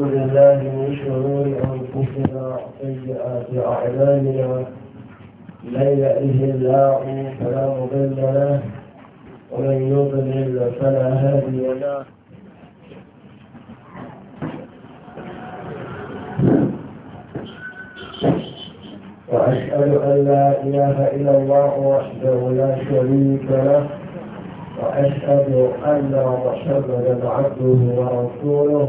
أعوذ بالله من شرور أنفسنا وسيئات أعمالنا من يأله الله فلا مضل له ومن يضلل فلا هادي له وأشهد أن لا إله إلا الله وحده لا شريك له وأشهد أن محمدا عبده ورسوله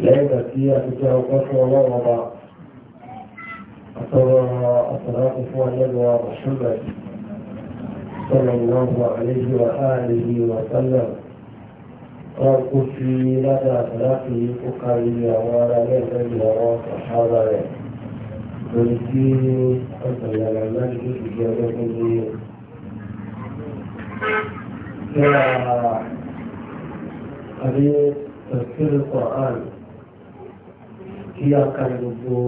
لأن فيها تجاه كفر وغضاء أترى أترى إخوان يدوى محمد صلى الله عليه وآله وسلم قال في لدى ثلاثه فقهية ولا يزال وراء صحابة ولكن أصل على المجلس بجانبه كأبي تفسير القرآن kí a ka gbogbo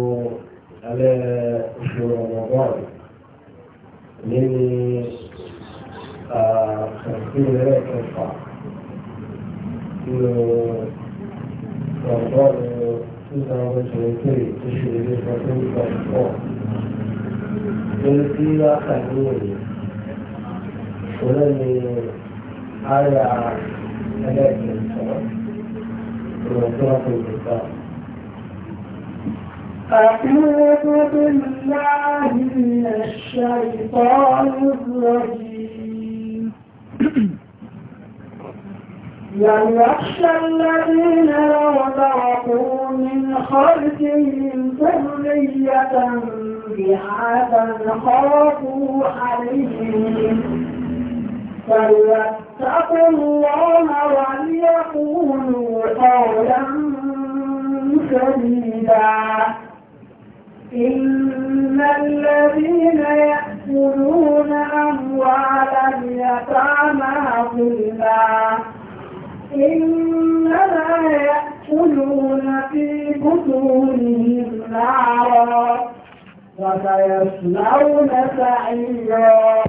alẹ́ oṣù ọ̀gbọ̀n nínú àkàtúntò kẹfà nínú ọ̀gbọ̀n two thousand twenty three tó ṣe lè sọ fún twenty four nínú tí a kà ní òye òun ni àyà ẹlẹ́kẹ̀ẹ́sọ̀ ọ̀gbọ̀n tó wà fún ìgbésà. أعوذ بالله من الشيطان الرجيم يخشى الذين لو تركوا من خلفهم ذرية بعادا خافوا عليهم فليتقوا الله وليقولوا قولا سديدا إن الذين يأكلون أموال اليتامى ظلما إنما يأكلون في بطونهم نارا وسيصلون سعيرا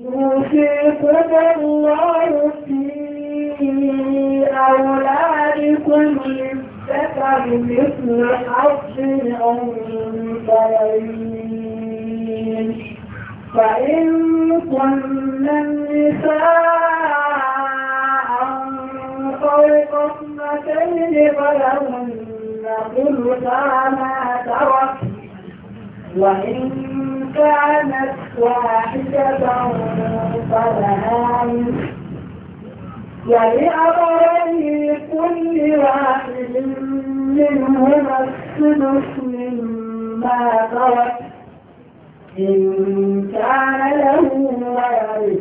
يوصيكم الله في أولادكم ذكر مثل حظ الأنثيين فإن كن النساء فوق اثنتين فلهن ثلثا ما ترك وإن كانت واحدة فلها نصف ولأبويه كل واحد منهما السدس مما ترك إن كان له ولد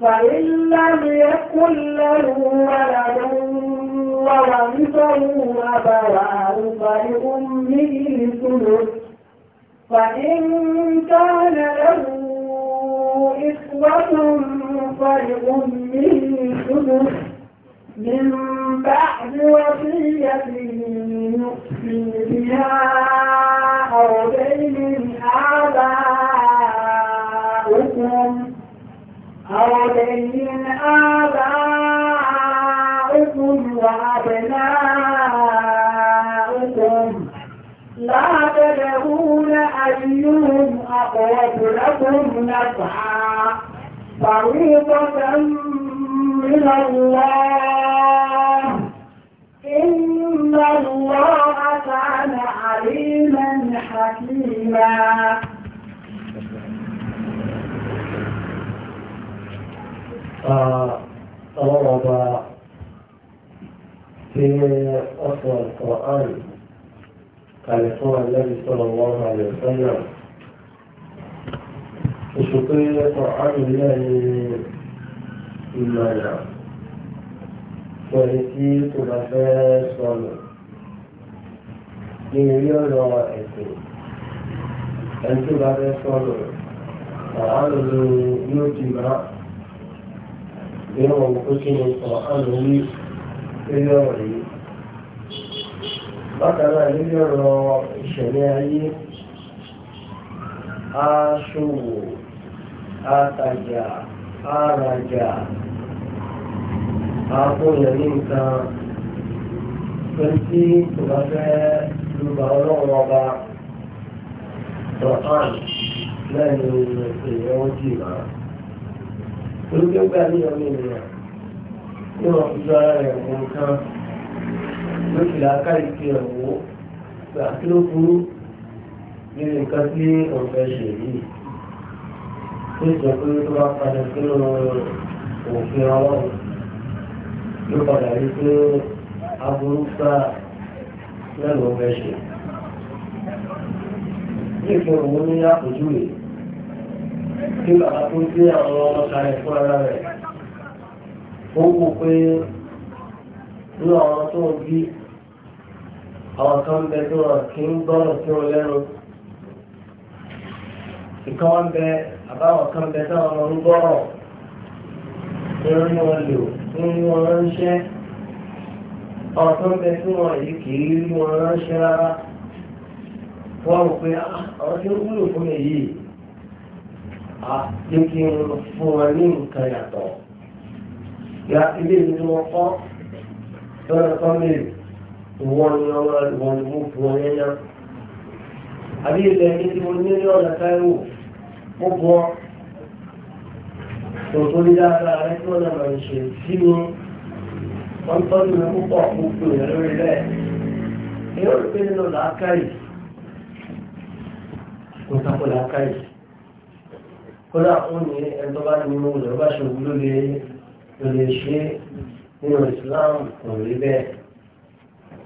فإن لم يكن له ولد وورثه أبواه فلأمه الثلث فإن كان له إخوة فرق منه ثلث من بعد وصية يؤتي بها أو دين آباؤكم أو دين آباؤكم وأبناؤكم لا تدرون أيهم أقرب لكم نفعا فريضة من الله إن الله كان عليما حكيما ورد آه، في أصل القرآن يقول النبي صلى الله عليه وسلم òṣùpẹ́ ọ̀hánù náà ní ìmọ̀nà fún tí kò bá fẹ́ sọnù ní orí ọ̀rọ̀ ẹ̀sìn ẹni tó bá fẹ́ sọnù ọ̀hánù ni yóò ti máa nínú ohun tó kí ni ọ̀hánù ní orí ọ̀rọ̀ yìí bákan náà lórí ọ̀rọ̀ ìṣẹ̀lẹ̀ ayé aṣòwò àtajà àrajà àfúnyàn ní nǹkan pẹ̀lú tí kò bá fẹ́ lùbà ọlọ́run ọba rọ̀hán lẹ́nu èèyàn ó jì máa. olùgbégbé àníyàn mi nìyàn ní wọn fi lọ ara rẹ̀ wọ nǹkan ló fi làákà ìpè rẹ̀ wò pé àkíló burú nínú nǹkan tí òun fẹ́ ṣe yìí tó pé tó bá padà sínú òfin ọlọ́run ló padà rí pé aburú gbà lẹ́nu ọ̀fẹ́ ṣe. Ní ìfẹ́ òun ní àpòjúwe kí bàbá tó gbé àwọn ọmọ kalẹ̀ fún ara rẹ̀ ó wò pé nínú àwọn tó ń bí àwọn kan bẹ tí wọn kì í gbọ́rọ̀ sí wọn lẹ́nu ìkan wọn bẹ àbáwọn kan bẹ táwọn ọmọ ń gbọ́rọ̀ irun wọn lò irun wọn ránṣẹ́ ọ̀rọ̀ bẹ tí wọn yìí kì í rí wọn ránṣẹ́ rárá wọ́n rò pé ah, ọ̀rọ̀ wúlò fún mi yìí á kí n fún wọn ní nǹkan yàtọ̀ ya ilé ìlú tí wọ́n kọ́ lọ́dọ̀ fámìlì wọ́n ní ọmọ ìwọ̀n ìwọ̀n fún wọn yẹn yá àbí ilẹ̀ ní tí mo ní ní ọ̀nà táìwò mo bọ́ tòótọ́ ní dáadáa rẹ tí wọ́n náà máa ń ṣe sí ni wọ́n tọ́jú mi púpọ̀ gbogbo ìyẹn lórí bẹ́ẹ̀ èyí ò rí pé nínú làákàyè kò tako làákàyè kódà ó ní ẹni bá ní mú lọ bá ṣe wúlò lè ṣe nínú Islam kò rí bẹ́ẹ̀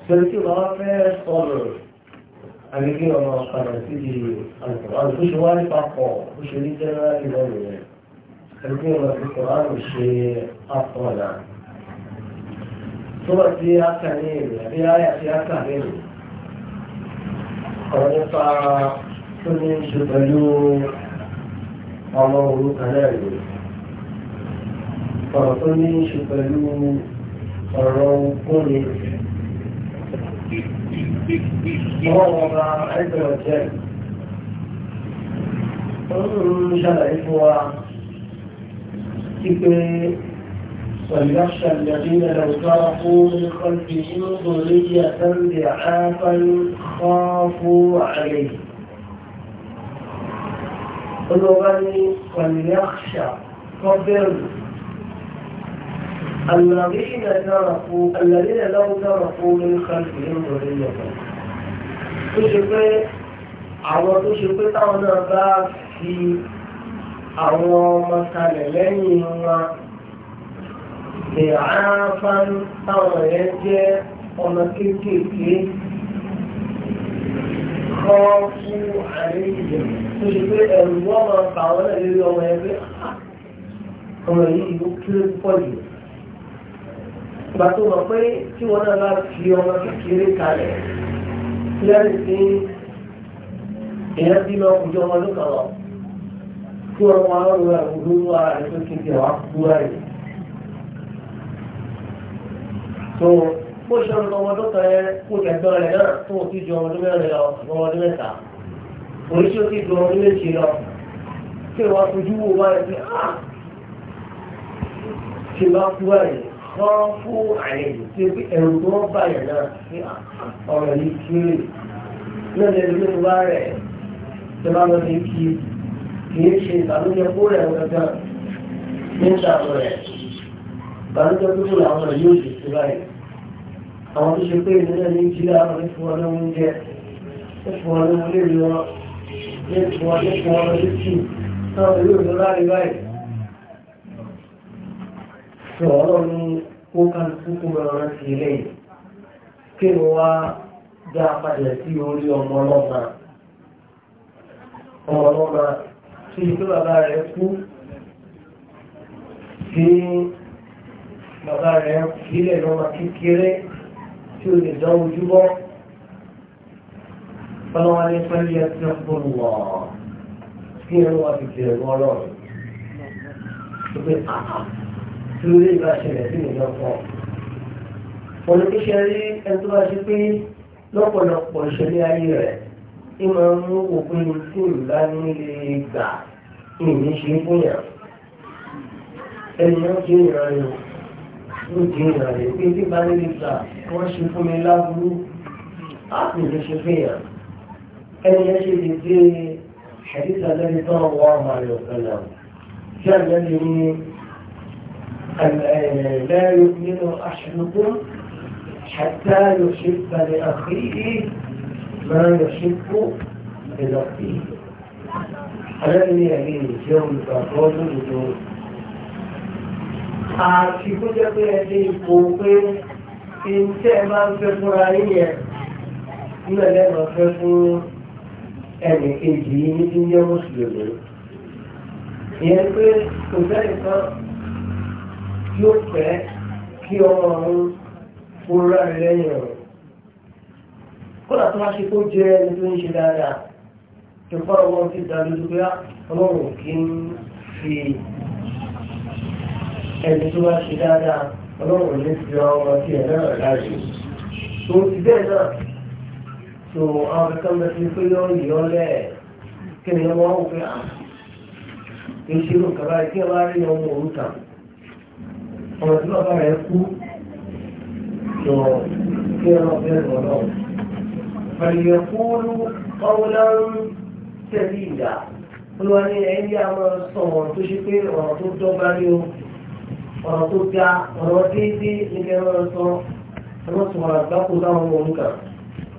sọ tí wọ́n àbí kí ọmọ padà sí di àlùkòrán tó ṣe wá ní papọ̀ ó ṣe ní jẹ́nẹ́rálì lọ́nà yẹn àbí kí ọmọ àlùkòrán ò ṣe àpọ̀nà tó wà sí áká ní èrè àbí áyà sí áká ní èrè ọ̀rọ̀ nípa tó ní ṣe pẹ̀lú ọmọ òrukàn náà rèé ọ̀rọ̀ tó ní ṣe pẹ̀lú ọ̀rọ̀ ogún ni ọlọ́run ọba ẹgbẹ̀rún jẹ́ ọlọ́run ṣàlàyé fún wa pípé وليخشى الذين لو تركوا من خلفهم ذرية ضعافا خافوا عليه قلوا وليخشى فبر الذين تركوا الذين لو تركوا من خلفهم ذرية tó ṣe pé àwọn tó ṣe pé táwọn náà bá fi àwọn ọmọ kalẹ̀ lẹ́yìn wọn ìhàáfán táwọn yẹn jẹ́ ọmọ kéékèèké kọ́ fún àríyìn tó ṣe pé ẹ̀rù wọ́n máa fà wọ́n náà lórí ọmọ ẹgbẹ́ ọmọ yìí ló kéré pọ̀ jù ìgbà tó mọ̀ pé tí wọ́n náà bá fi ọmọ kékeré kalẹ̀ lẹ́rìí sí èèyàn bí lọ kùjọ ọmọ ló kàn lọ kí wọ́n mọ àwọn ọ̀rọ̀ ìwúlò wà lẹ́tọ́ kéde wà kúrò rẹ̀. tó bó ṣe ọmọ ọmọdé kan yẹn kó kẹgbẹ́ rẹ̀ náà tó o ti ju ọmọdé mẹ́rin lọ ọmọdé mẹ́ta oríṣi ó ti ju ọmọdé méje lọ kí wọ́n fojú wo wáyé pé ah! ṣe bá kúrò rẹ̀ wọ́n fún àyè tí ó fi ẹ̀rù tó wọ́n báyìí náà sí ọ̀rọ̀ yìí kéré náà lè lórí ìwà rẹ̀ tó bá lọ sí kí kìí ṣe ìbànújẹ́ kó rẹ̀ gangan nígbà rẹ̀ ìbànújẹ́ tó kúrò àwọn yóò sì sí báyìí àwọn tó ṣe pé ìdílé ní jílá àwọn ìfún wọn ló ń jẹ ìfún wọn ló ń lè rí wọn ní ìfún wọn ní ìfún wọn ló ti tì náà lórí ìlú láàrin báyìí sọ ọ̀rọ̀ ní kó kálukú kó máa rántí ilé yìí kí ni wá dá padà sí orí ọmọ ọlọ́mà ọmọ ọlọ́mà tí ìtò bàbá rẹ̀ kú tí bàbá rẹ̀ sílẹ̀ lọ́mà kékeré tí ó lè dán ojú bọ́ fọlọ́wọ́ pẹ́lú ẹsẹ̀ fún kí ni wọ́n fi jẹ̀rọ ọlọ́run tí orí ìgbà ṣẹlẹ̀ sí ìyẹn fọ́. wọn ní ṣe rí ẹni tó bá ṣe pé lọ́pọ̀lọpọ̀ ìṣẹ̀lẹ̀ ayé rẹ̀ ń máa mú òpin tí ìgbà nílé gbà ìní ṣe fún yàn. ẹni náà jẹ́ ìrànlọ́ ló jẹ́ ìrànlọ́ pé bí bá nílé gbà wọ́n ṣe fún mi láburú á sì lè ṣe fún yàn. ẹni yẹn ṣe lè dé ṣàdísà lẹ́ni tó wọ́n àwọn àlọ́ kan náà. àgbẹ̀ lè ní لا يؤمن أحدكم حتى يحب لأخيه ما يحب لنفسه ألم يهين يوم تقول بدون àṣìkú jẹ́ pé ẹni ipò pé iṣẹ́ máa ń fẹ́ fúnra yíyẹn nílẹ̀ lẹ́nu fẹ́ fún ẹnì kejì yìí ní jẹ́ mùsùlùmí ìyẹn pé kò sẹ́yìn kan yóò fẹ́ kí ọmọ ọ̀hún fúnra rẹ̀ lẹ́yìn ọ̀rọ̀ kódà tó bá ṣe kó jẹ́ ẹni tó ń ṣe dáadáa tó fọ́ ọmọ ti dá lójú pé ah, ọlọ́run kì í fi ẹni tó bá ṣe dáadáa ọlọ́run ní ti ọmọ tí ẹ̀ náà láàyè tó ti bẹ́ẹ̀ náà tó àwọn akẹ́kọ̀ọ́ bẹ́ẹ̀ ti pé yọ ìyọ́ lẹ̀ kí ni wọ́n wọ́n wọ́n pé à ah, ń ṣe lóǹkà báyìí kí ẹ bá rí ọmọ òrukàn ọ̀rọ̀ tí lọ́ba rẹ̀ kú lọ kí ọ̀rọ̀ bẹ́ẹ̀ lọ lọ. Fàlìyàn kúrú ọ̀wọ́lá ń tẹ̀lé ìdá. Olúwa ní ẹni a máa sọ ọ̀rọ̀ tó ṣe pé ọ̀rọ̀ tó dọ́gba ní o. Ọ̀rọ̀ tó ga ọ̀rọ̀ déédéé ní kẹ́ máa sọ. Wọ́n sọ ọ̀rọ̀ àgbákò láwọn ọmọ òǹkà.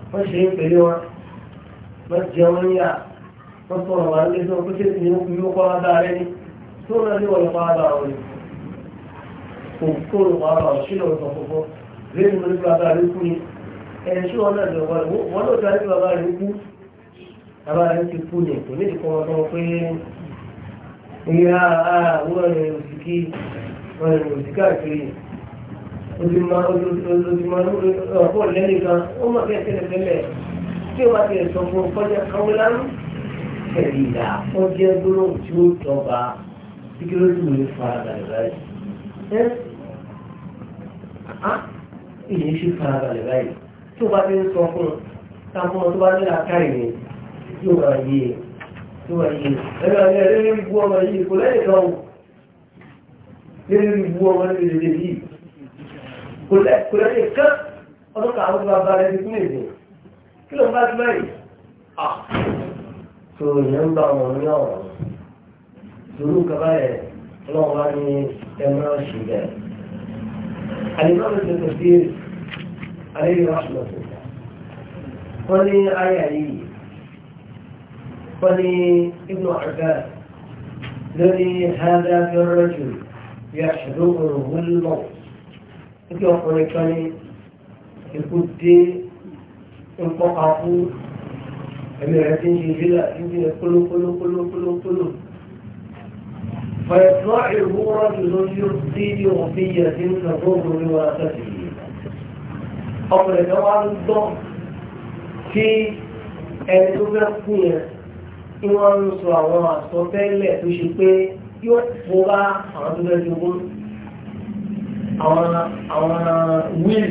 Wọ́n ṣe é pẹ̀lú wọn. Wọ́n jẹ wọn níyà. Wọ́n sọ ọ̀rọ̀ wà lé sọ pé ṣé ìyókù yóò kọ́ wá bá rẹ ní. Tó náà ní wọ̀nyí kọ́ wá bá wọn ni òkúrò ọ̀rọ̀ ṣílò ìtọ̀kọ̀kọ́ lẹ́nu lórí bàbá rẹ̀ kú ni ẹni tí wọ́n náà lọ́wọ́ rẹ̀ wọ́n ló darí bàbá rẹ̀ kú bàbá rẹ̀ ti kú ni kò ní ìdíkọ́ wọn tán pé ìyá àwọn ẹ̀rẹ̀ òsìkí ẹ̀rẹ̀ òsìkí àkiri ojúmọ́ ọ̀pọ̀ lẹ́yìn kan ó mọ̀ bẹ́ẹ̀ tẹ́lẹ̀ tẹ́lẹ̀ tí ó bá ti sọ fún kọjá káwọn lánàá tẹ̀lé Ah, ìyẹn ṣe farabalẹ̀ báyìí tí o bá ti ń sọ fún un táwọn ọmọ tó bá ní làákàyè ni yóò máa yé e yóò máa yé e ẹ̀rọ ẹ̀rọ ẹ̀rọ ìbú ọmọ yìí kò lẹ́yìn kan o ẹ̀rọ ìbú ọmọ lẹ́lẹ́lẹ́ yìí kò lẹ́yìn kan ọdún kan àwọn tó bá bá rẹ̀ ní kúlẹ̀ dùn kí ló ń bá ti báyìí à ah, tó ìyẹn ń bá wọn ní ọ̀rọ̀ lórúkọ báyẹn ọlọ́run wá ní ẹ̀rọ ṣùgbọ́n الإمام ابن كثير عليه رحمة الله ولي آية لي ولي ابن عباس لي هذا الرجل يحضره الموت يقول لي يقول لي انقطعوا أمير عزيزي جلا يقول كله كله كله كله كله فيطلعه رجل يخفي بغفية تضر بواسطه أمر طبعا الضغط في ẹni tó fẹ́ fún yẹn kí wọ́n ń sọ àwọn àsọtẹ́lẹ̀ tó ṣe pé yóò fò bá àwọn tó fẹ́ jogún àwọn wíìlì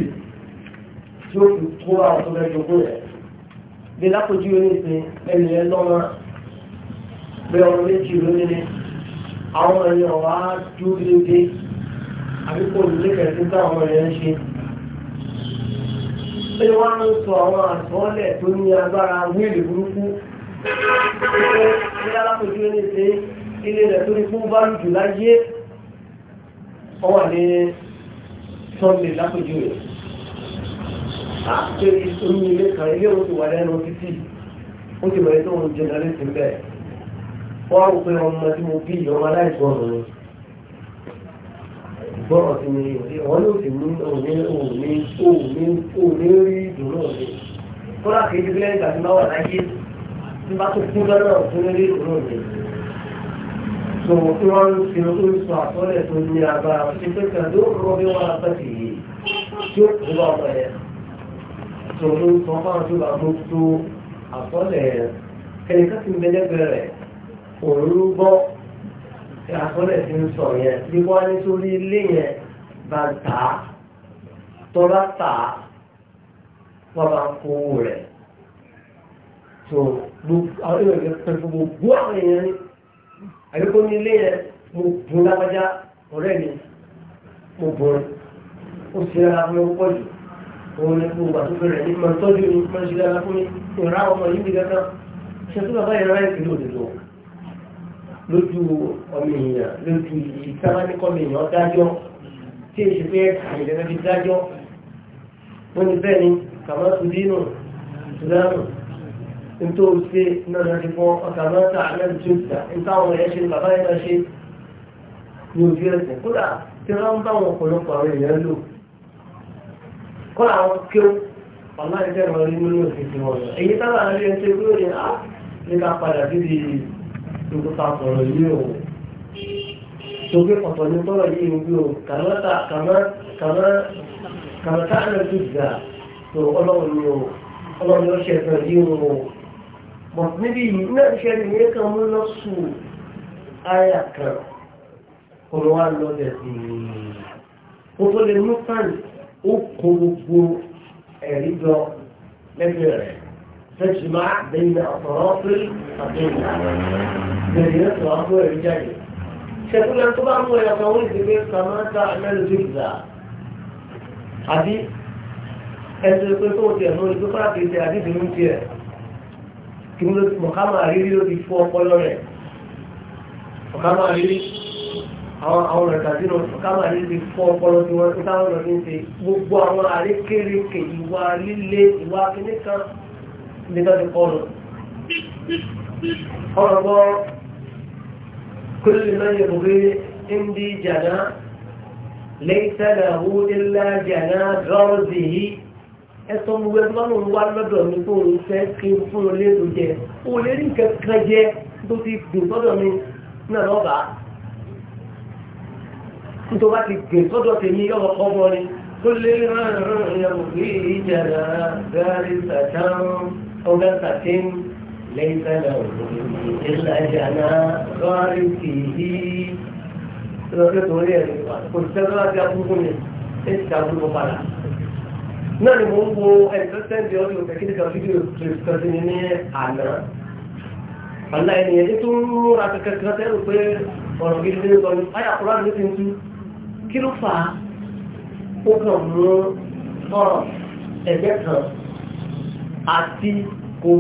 tí ó fi kó àwọn tó fẹ́ jogún rẹ̀ bí lápòjú yóò ní ìsìn ẹni yẹn lọ́wọ́ bí ọmọ méjì lónìí àwọn èèyàn wá dúró dédé àbíkò nílẹ̀kẹ̀ tí táwọn èèyàn ṣe ọwà ní sunday lákòójú rẹ̀ àti omi ilé kan ilé òun ti wà lẹ́nu títì ó ti bẹ̀rẹ̀ tó ń jẹ́ lálẹ́ sí bẹ́ẹ̀ wọ́n á rò pé ọmọ tí mo bí ọmọ aláìsàn ọ̀rọ̀ ni gbọ́rọ̀ sí ni wọ́n yóò sì ní òní òní òní òní rí ìdùnnú mi kódà kì í ti lẹ́yìn tàbí máa wà láyé tí bá tó kú lọ́nà òní rí ìdùnnú mi sọ̀rọ̀ tí wọ́n ń fi orí sọ àtọ́lẹ̀ tó ní agbára ṣe pé kàdó rọ bí wọ́n apẹ́ sí yìí tí ó kú bá ọmọ yẹn sọ̀rọ̀ tó ń sọ bá mú tó àtọ́lẹ̀ kẹ̀lẹ́kẹ́ ti ń bẹ́lẹ́gbẹ̀rẹ̀ òun gbọ́ àtọ́lẹ̀ tí ń sọ yẹn bí wọ́n ní ilé yẹn bá ń tà á tọ́lá tà á wọ́n bá ń kó owó rẹ̀ tó àwọn èèyàn pẹ̀lú gbogbo àwọn èèyàn ní àdúgbò ní ilé yẹn mo bùn lápájá ọ̀rẹ́ mi mo bùn ó sì rárá fún mi pọ̀ jù òun ní gbogbo àtúntò rẹ̀ ní mọ̀ tọ́jú ní mọ̀ ṣe dára fún mi ìrà ọmọ yìí nìkan náà ṣe tó bàbá ìrà ìpínlẹ̀ òdòdó lójú ọmọ èèyàn lójú ìsámánikọ́mọ èèyàn dájọ́ tí èsì pé àyẹ̀dẹ́fẹ́ fi dájọ́ wọ́n ní bẹ́ẹ̀ ni kàmá sùdínù sùdánù nítorí ṣe náà láti fọ́ ọ̀tà mọ́ta aláìsúta nítawọn ẹ̀yẹ́ ṣe bàbá ẹ̀ka ṣe ní ojú ẹ̀sìn kódà tí wọ́n ń bá wọn ọ̀pọ̀lọpọ̀ àwọn èèyàn lò kọ́lá àwọn kéw ọ̀la ìjẹ́ ìrọ̀lẹ́ nínú òṣìṣẹ́ wọn èyí tábà ń rí ẹsẹ̀ kúrò ní á ah, ní ká padà síbi dókítà tak yìí o tóbi ọ̀tọ̀ ní tọ́rọ̀ yìí Karena tak, o kàmọ́tà kàmọ́tà náà ti gbà tó ọlọ́run ni o ọlọ́run ni ó ṣe ẹ̀sán yìí o mọ̀ níbi yìí náà ṣe ni ìyẹn kan mú lọ sùn áyà kan kọ̀ọ̀rọ̀ wa lọ bẹ̀ sí i kó تجمع بين أطراف القطيع بين أطراف الرجال سيقول لك طبعا هو يطول بكير كما تعمل جبزة حديث أنت يقول صوتي أنه الفكرة في حديث الممتع كم مقام أريد لو تفوق قلنا مقام أريد àwọn àwọn ìrìnkàdínà káàmà níbi fún ọpọlọ tí wọ́n ń táwọn ọ̀nà ní ṣe gbogbo àwọn àríkèrèkè ìwà líle ìwà kìnnìkan ibi tó ti pọ̀nù ọ̀rọ̀ bọ́ kúlù náà yóò rí ndí jàná lẹ́sẹ̀lẹ̀ hu ilá jàná rọ́ọ̀zì yìí ẹ̀sọ́ gbogbo ẹgbẹ́ lọ́nà wà lọ́dọ̀ mi tó ń fẹ́ kí n fún un lérò jẹ ó lè rí nǹkan kan jẹ tó ti gbìn sọ́dọ̀ mi náà lọ́ba nítorí wá ti gbìn sọ́dọ̀ tèmi yọ̀rọ̀ kọ́ mọ́ ni kúlù náà yóò rí jàná rọ́ọ̀zì صدقة ليس له إلا جناء غارسه kò sẹ́gbẹ́ láti àkókò ní ẹ̀sì àbúrò padà náà ni mo ń bo ẹ̀ẹ́dẹ́sẹ́ndì ọdún ìfẹ̀kíníkà fídíò tìrìsìkọ́sí ní àná ọ̀la ènìyàn tí tó ń múra kẹ́kẹ́kẹ́ tẹ́rù pé ọ̀rọ̀ gidi ní sọ ní ayà kúrò àdúgbò ti ń tú kí ló fà á ó kàn mú ọ̀rọ̀ ẹ̀gbẹ́ kan àti kò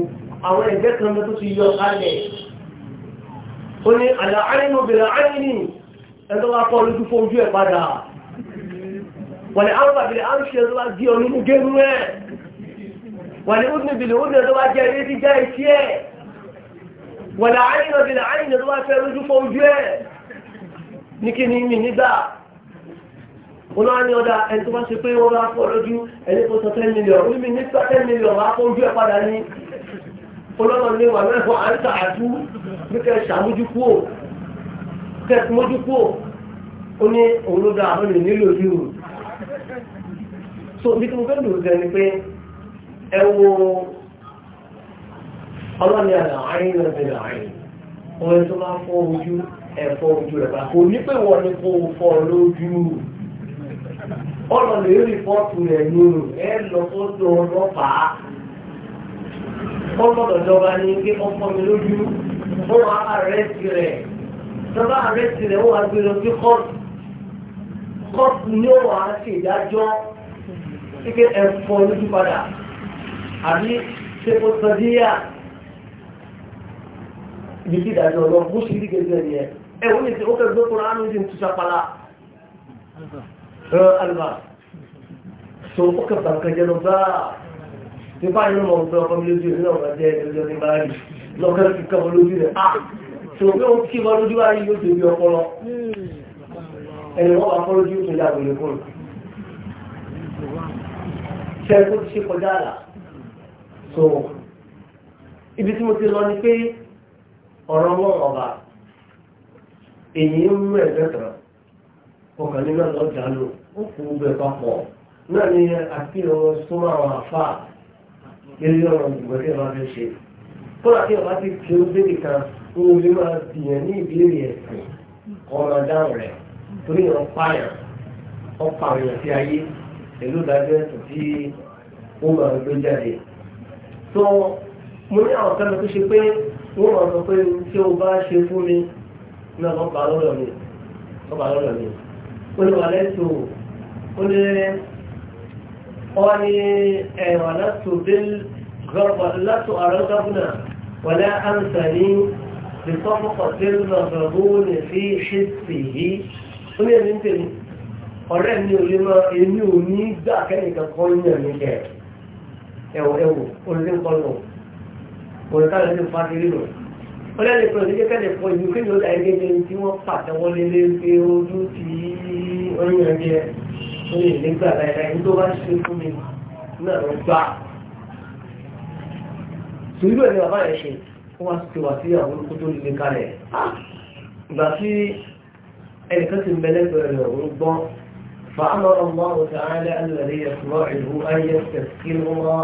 àwọn ẹgbẹ́ kan tó ti yọ alẹ̀ ó ní àlàáyínú bèèrè àyíní ẹgbẹ́ wá kọ́ lójú fójú ẹ̀ padà wà ní àwọn àbìlẹ̀ àrùsẹ̀ tó wá gí ọ nínú gẹ́rú ẹ̀ wà ní ó níbìlẹ̀ ó ní ẹ̀tọ́ wá jẹ́ ilé jíjá ìṣí ẹ̀ wà ní àyínú bèèrè tó wá olúwa ní ọ̀dà ẹni tó bá ṣe pé wọ́n bá fọ́ lójú ẹni tó sọ ten million ó ní nípa ten million wàá kó ojú ẹ̀ padà ní olúwa ní wà mẹ́fọ́ àǹtà àdú bí kẹ́ ṣàmójú kú ò kẹ́ mójú kú ò ó ní òun ló da àwọn ènìyàn nílò ojú rù so bí tí mo fẹ́ lò ó gẹ̀ ni pé ẹ wo ọlọ́ni àlà àárín náà bẹ̀rẹ̀ àárín wọ́n tó bá fọ́ ojú ẹ̀fọ́ ojú rẹ̀ pàkó ní pé wọ́n ní kó fọ́ lójú rù ọ̀nà lè rí fọ́ọ̀tù rẹ̀ lóru ẹ lọ sọ́dọ̀ ọlọ́pàá ọlọ́dọ̀jọba ní kí ọkọ mi lójú wọ́n wá àrẹ́sì rẹ̀ tọ́ba àrẹ́sì rẹ̀ wọ́n wá gbé lọ sí kọ́ọ̀tù kọ́ọ̀tù ni ó wàá ṣe ìdájọ́ kíkẹ́ ẹ̀fọ́ lójú padà àbí ṣepo sọdíyà ibi tí ìdájọ́ ọlọ́run bó ṣe rí gẹ́gẹ́ ni ẹ ẹ̀ wọ́n lè ṣe ó kẹ́ gbé kóra ánú ìdí ìtúṣapalà alba so ó kẹfà kẹjẹ lọ bá tí bá yẹn lọ bẹ ọkọ mi lójú rẹ náà jẹ ẹjọ ní báyìí lọkẹ ti kẹfà lójú rẹ a ah! so bí wọn kí wọn lójú báyìí yóò débi ọpọlọ ẹni wọn bá fọlójú tó yà wọlé fún ṣe kó ti ṣe kọjá àlà so ibi tí mo ti lọ ni pé ọ̀rọ̀ wọn ọba èyí ń mú ẹ̀gbẹ́ kan ọkàn ní náà lọ́jà lò ó kú bẹ papọ̀ náà ni àfihàn súnmọ́ àwọn afá lórí ọ̀rọ̀ ìgbọ̀n tí wọ́n fẹ́ ṣe fúnra tí ọba ti kí ó débi ń wọlé máa bìyàn ní ìbéèrè ẹ̀sìn ọ̀rọ̀ dáhùn rẹ̀ torí ìran pààyàn ọ̀pọ̀ àwọn èèyàn sí ayé pẹ̀lú ìdájọ́ ẹ̀sìn tí ó máa gbé jáde. tó mo ní àwọn kan tó ṣe pé wọ́n máa sọ pé tí o bá ṣe fún mi náà lọ́pàá lọ́dọ̀ mi lọ́pàá lọ́dọ̀ mi olùwàlẹ́tò olè wọ́n ni ẹ̀wà látò àrọ́ gọ́bùnà wọlé àǹsà ní ìtọ́fọ́kọ̀ tí ó lọ́gbọ̀gbọ́ ní fi ṣíṣì yìí ó ní ẹ̀mí tèmi ọ̀rẹ́ mi ò lè máa èmi ò ní gbà kẹ́nìkan kan ní ẹ̀mí kẹ ẹ̀wọ̀ ẹ̀wọ̀ olùdé ń kọlù olùkálẹ̀ ní fa kiri lò ó lẹ́nu ìpínlẹ̀ ìlú kí ni ó dà ẹgbẹ́ tí wọ́n pàtẹ́wọ́ lé lé pé ti yí wọ́n yàn bí ẹ ó lè nígbà láìláì ní tó bá mi náà ló gbà. sùúrù bàbá yẹn ṣe ó wá ti wà sí àwọn olùkó tó lè kalẹ̀. ìgbà ẹnìkan ti ń bẹ lẹ́gbẹ̀ẹ́ rẹ̀ òun gbọ́n فأمر الله تعالى الذي يسمعه أن يستسقي الله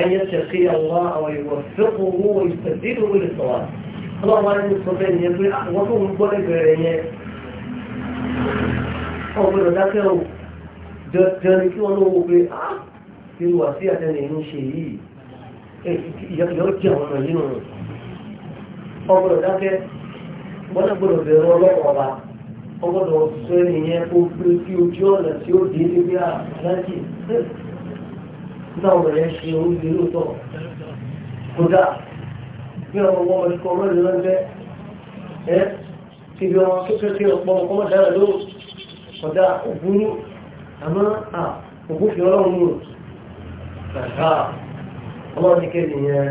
أن يتقي الله ويوفقه ويسدده للصواب. الله ما يستطيع أن يقول وهو مبلغ ọgbọ́dọ̀ dákẹ́ o jẹni kí wọ́n lówó pé á ti wà sí àtẹnì ń ṣe yìí ìyọ́ jẹ́ àwọn ọ̀nà nínú ọgbọ́dọ̀ ọgbọ́dọ̀ bí ọmọ ọmọ ẹ̀kọ́ ọmọdé lọ́jẹ́ ẹ́ ti bí ọmọ kékeré ọ̀pọ̀ ọmọdé lọ́jọ́ sọ̀dá òbúrú àmọ́ à òbúfin ọlọ́run mú àṣà ọlọ́run ní kéde yẹn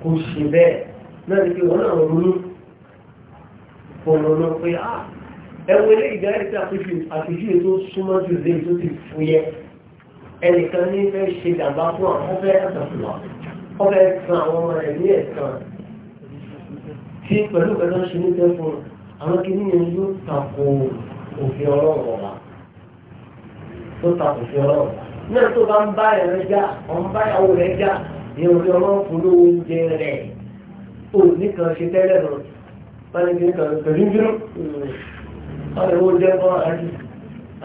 kò ṣe bẹ́ẹ̀ náà ní pé wọ́n náà ronú fọ̀rọ̀ lọ pé à ẹwọ ilé ìdáyẹ̀ tí àfijú tó súnmọ́ ju ilé tó ti fúyẹ́ ẹnìkan ní fẹ́ ṣe dàgbà fún àwọn ọfẹ́ àtàkùnà ọfẹ́ san àwọn ọmọ rẹ̀ ní ẹ̀sán tí pẹ̀lú ìgbàdàn ṣe ní tẹ́ àwọn kìnìyàn yóò tako òfin ọlọ́run ọba tó ta òfin ọlọ́run náà tó bá ń bá ẹ̀rẹ́ já ọ̀n bá ìyàwó rẹ̀ já ní òfin ọlọ́run fún oúnjẹ rẹ̀ ó nìkan ṣe tẹ́lẹ̀ lọ báyìí kí nìkan pẹ̀lú bírú ọ̀rẹ́ oúnjẹ kọ́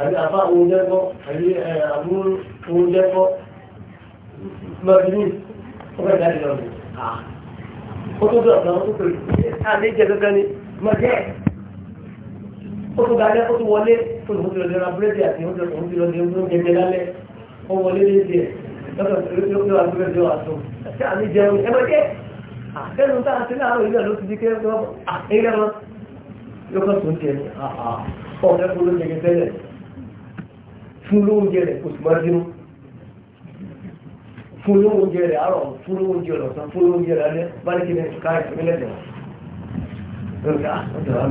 àbí àbá oúnjẹ kọ́ àbí àbúrò oúnjẹ kọ́ mọ̀tìní ọgbẹ́ ìdájọ́ lọ́dún. ó tó dọ̀ ọ̀gá ó tó pè é àlejò kankan ni mọ̀tẹ́ ó tún dájẹ́ ó tún wọlé tó tún fi lọ lera búrẹ́dì àti oúnjẹ tó ń fi lọ lé oúnjẹ jẹ lálẹ́ ó wọlé léde ẹ̀ lọ́sọ̀ tó wà búrẹ́dì ó wà tó ṣé àmì jẹun ẹ máa jẹ́ àtẹnu tá a ti láàárọ̀ ilé ló ti di kẹ́ ọ́ àtẹ́lẹ́ wọn yóò kọ́ tó ń jẹ ní ọ̀rẹ́ kó ló jẹgẹ tẹ́lẹ̀ fún lóúnjẹ rẹ̀ kò sì máa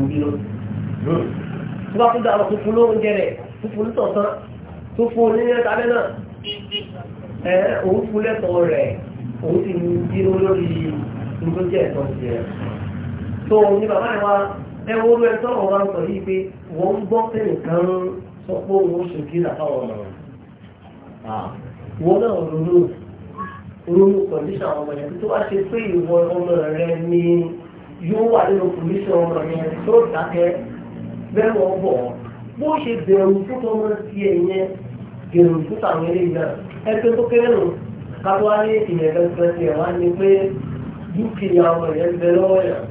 dínú tó bá fún dáàrọ̀ fúnfún ló ń jẹrẹ fúnfún ní tọ̀tán tó fún ní ẹ̀ta lẹ́nà òun fún lẹ́tọ̀ọ́ rẹ̀ òun sì ń dínú lórí nígbó ẹ̀tọ́ ti rẹ̀ tó ní bàbá ìwà ẹwọ́ rẹ̀ tọ́rọ̀ wa ń sọ yìí pé wọ́n ń gbọ́ pé nǹkan sọ pé òun ṣe kí làtàwọn ọ̀nà wọ́n náà ronú ronú kọ̀díṣà ọmọ yẹn tó wá ṣe pé ìwọ ọmọ rẹ ni yóò wà nínú kọ̀díṣà ọmọ yẹn tó dákẹ́ bẹ́rù ọ̀bọ̀ bó ṣe bẹ̀rù fún tọmọ sí ẹ̀yẹn bẹ̀rù fún tàwọn eléyìí náà ẹgbẹ́ tó kéré nù kátó wá ní ìyẹn gẹ́gẹ́ tí ẹ̀ wá ní pé dúkìá ọmọ yẹn bẹ lọ́wọ́ yẹn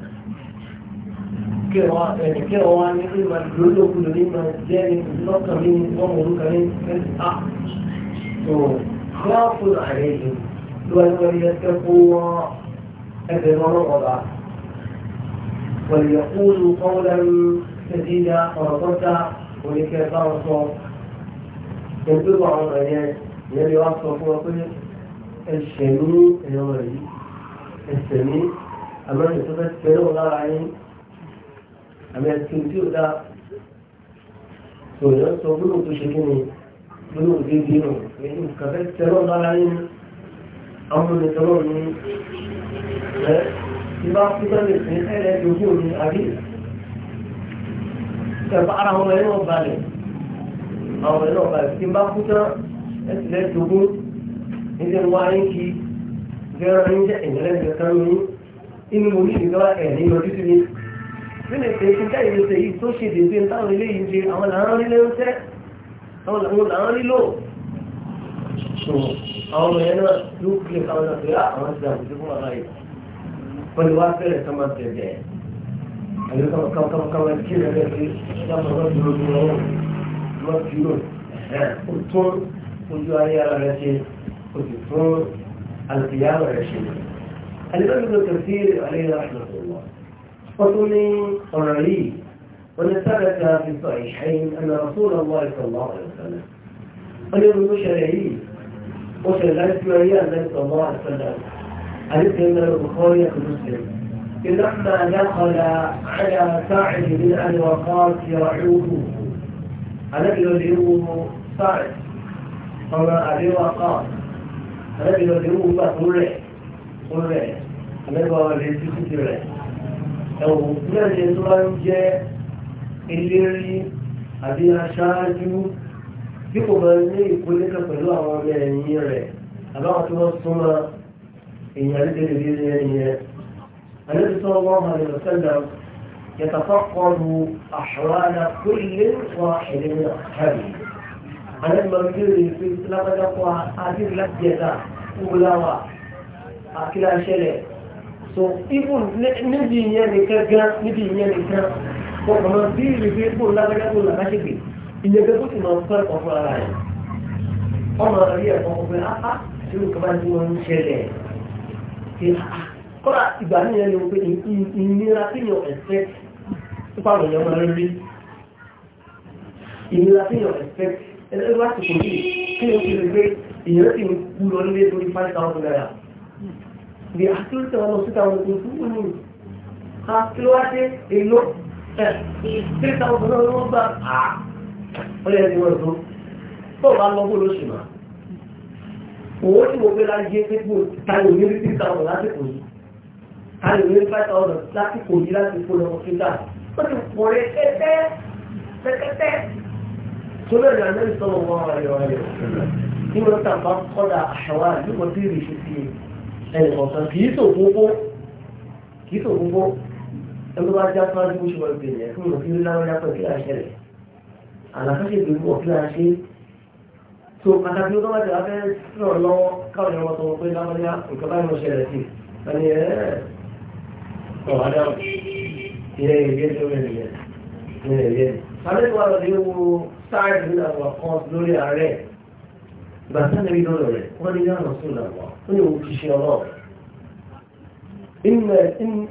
kí wọ́n wá ní pé màá lórí màá jẹ́ ní lọ́kàn mi wọ́n mọ̀ orúkọ mi ẹ̀ tó ọlọ́wọ́ bá wọ́n yẹ kó sẹ́dídá ọ̀rọ̀ tó dá oníkẹ́ bá wọn sọ ẹgbẹ́ wọn àwọn ọ̀rọ̀ yẹn ìyẹn lè wá sọ fún wọn pé ẹsẹ̀ ní ẹ̀rọ yìí ẹsẹ̀ ní àmọ́ ètò fẹ́ tẹ̀lé wọn lára yín àmì ẹ̀sìn tí ó dá tòyọ́ sọ gbólóhùn tó ṣe kí ni gbólóhùn tó bí nù nínú kàfẹ́ tẹ̀lé wọn lára yín àwọn olùtọ́lọ́ ní ẹ̀ tí bá pípẹ́ lè fi ẹ̀rẹ́ dojú mi àbí ṣẹ̀fọ́ ara wọn ẹni wọn balẹ̀ àwọn ẹni wọn balẹ̀ tí n bá kú tán ẹsẹ̀ lẹ́ dogun níṣẹ́ ni wọ́n á ń kí gẹ́rọ ní jẹ́ ìrẹ́lẹ̀ kankan ní inú orí ìgbà ẹ̀rí lọ́dún sí ni nílẹ̀ tẹ̀ ṣe jẹ́ ìrẹsẹ̀ yìí tó ṣe dédé táwọn ilé yìí ṣe àwọn làwọn ilé ń tẹ́ àwọn làwọn lílò àwọn ọmọ yẹn náà ló kílẹ̀ káwọn náà pé ah, àwọn ti dàbí اللي كما كما كما كثير هذا لما رجل الجنون الوقت جنون قلتون قلت علي على رأسي قلتون القيامة رأسي الإمام ابن كثير عليه رحمة الله وطني قرري ونثبت في الصحيحين أن رسول الله صلى الله عليه وسلم أنه شرعي وشرعت مريم النبي صلى الله عليه وسلم عليه البخاري ومسلم لما دخل على سعد بن أبي وقاص يعوده الذي يدعوه سعد وما أبي وقاص الذي يدعوه بقوله قوله الذي هو الذي يكتبه أو من الإنسان جاء إليري أبي أشاجو bí kò bá ní ìpolẹ́kẹ̀ pẹ̀lú àwọn ọmọ ẹ̀yìn rẹ̀ àbáwọn tí wọ́n súnmọ́ èèyàn lé النبي صلى الله عليه وسلم يتفقد أحوال كل واحد من أصحابه أنا المرجوري في إسلام الأقوى أجيب لك جزاء أغلاوة أكلا شلي so ibùn níbi ìyẹn nìkan gan níbi ìyẹn nìkan kọkàn máa bí ìrìbí ibùn lágbàdàgbò làbáṣepè ìyẹn gẹ́gẹ́ tó ti máa fẹ́ ẹ̀kọ́ fún ara rẹ̀ ọmọ rí ẹ̀kọ́ fún pé áá tí ó kaba ti wọn ń ṣẹlẹ̀ ṣe áá kọ́ra ìgbà ní ẹni pé ìnira tí yàn ẹ̀fẹ́ nípa àwọn èèyàn máa ń rí ìnira tí yàn ẹ̀fẹ́ ẹlẹ́rú láti kò ní kí o fi lè gbé èèyàn tí ń kú lọ nílé lórí five thousand naira the accuracy wọn lọ síta wọn kò tún wù ní a kí ló wá dé èlò ẹ three thousand náà ló gbà á ó yẹ kí wọn tó tó bá lọ bó ló sì máa owó tí mo gbé láyé pé kí mo ta ìwé ní three thousand lásìkò àrùn ní five thousand lásìkò yìí láti kó lọ kíkà ó ti pọ̀ rẹ̀ kẹ́tẹ́ kẹ́tẹ́ tó lẹ́yìn àmẹ́rì sọ́wọ́ wọn ayọ̀ ayọ̀ tí wọ́n tà bá kọ́dà àṣàwà yìí wọ́n ti rí sí ẹnì kọ̀ọ̀kan kì í sòkókó kì í sòkókó ẹgbẹ́ bá já fún adúgbò ṣùgbọ́n ìbèrè ẹ̀ fún ìrọ̀kí láwọn yàtọ̀ kí láṣẹ rẹ̀ àlàkàṣe ìbèrè wọ̀ kí láṣẹ tó pàtàkì ó bá jẹ́ abẹ́ rọ̀ lọ́wọ́ káwọn ẹ̀rọ tó wọ́n pé láwọn yá nǹkan báyìí wọ́n ṣẹlẹ̀ sí ẹni ẹ̀ẹ́ Bàtánà ìlú rẹ̀ wọ́n ní yára sún làwọ̀ ó ní òun ti ṣe ọlọ́rọ̀.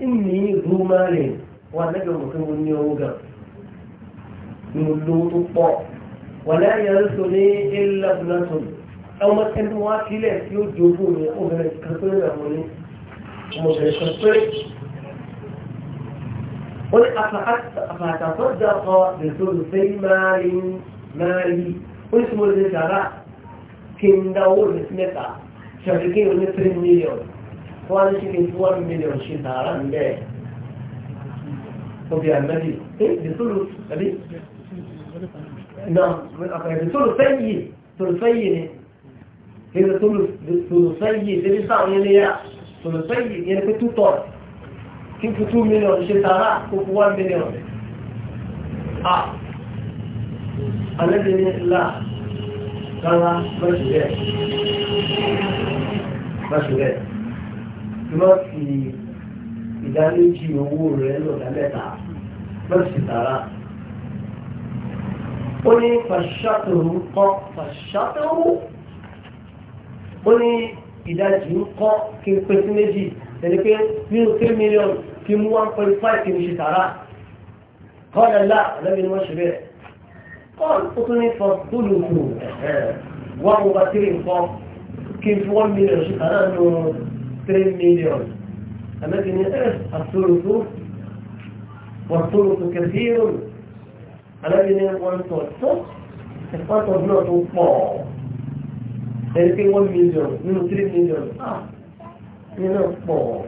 Inni rúmárì wà lẹ́gbẹ̀ òmùkú mú ní owó gan. Ní olówó tó pọ̀. Wà láyé rẹ̀ sọ ní ilẹ̀ Bùnátùn. Ọmọ ẹni wá sílẹ̀ tí ó jogún mi, obìnrin kan péré àwọn ní. Ọmọbìnrin kan péré قل أفتصدق بثلثي مال مالي قل اسمه الذي شرع كندور بسمتع شركين ونصف مليون وانا شكين فور مليون شتارا به وفي المدي ايه بثلث أبي نعم بثلثي ثلثي هذا ثلثي ثلثي ثلثي ثلثي يعني كنت طرف kí fún two million ṣe tààrà kó fún one million a alẹ́ ní là rárá mẹ́sùlẹ̀ mẹ́sùlẹ̀ lọ sí ìdánilójì owó rẹ̀ lọ́dà mẹ́ta mẹ́sì tààrà ó ní fàṣàtòrò kọ́ fàṣàtòrò ó ní ìdajì ń kọ́ kí n pèsè méjì ẹni pé ní three million kí mú one point five kí n ṣe tààrà kọ́ọ̀dà ńlá ọ̀lẹ́bí ni wọ́n ṣe bẹ́ẹ̀ kọ́ọ̀dù ó tún ní fọ bólúùkù one over three nǹkan kí n fi one million ṣe tààrà nù three million ẹ̀mẹ́bí ni ẹ̀ àtúrùkù wọ́n túrùkù kẹfìrù ẹ̀mẹ́bí ni wọ́n tọ̀ tó ẹ̀fọ́ tó náà tó pọ̀ ẹni pé one million nínú three million ah nínú pọ̀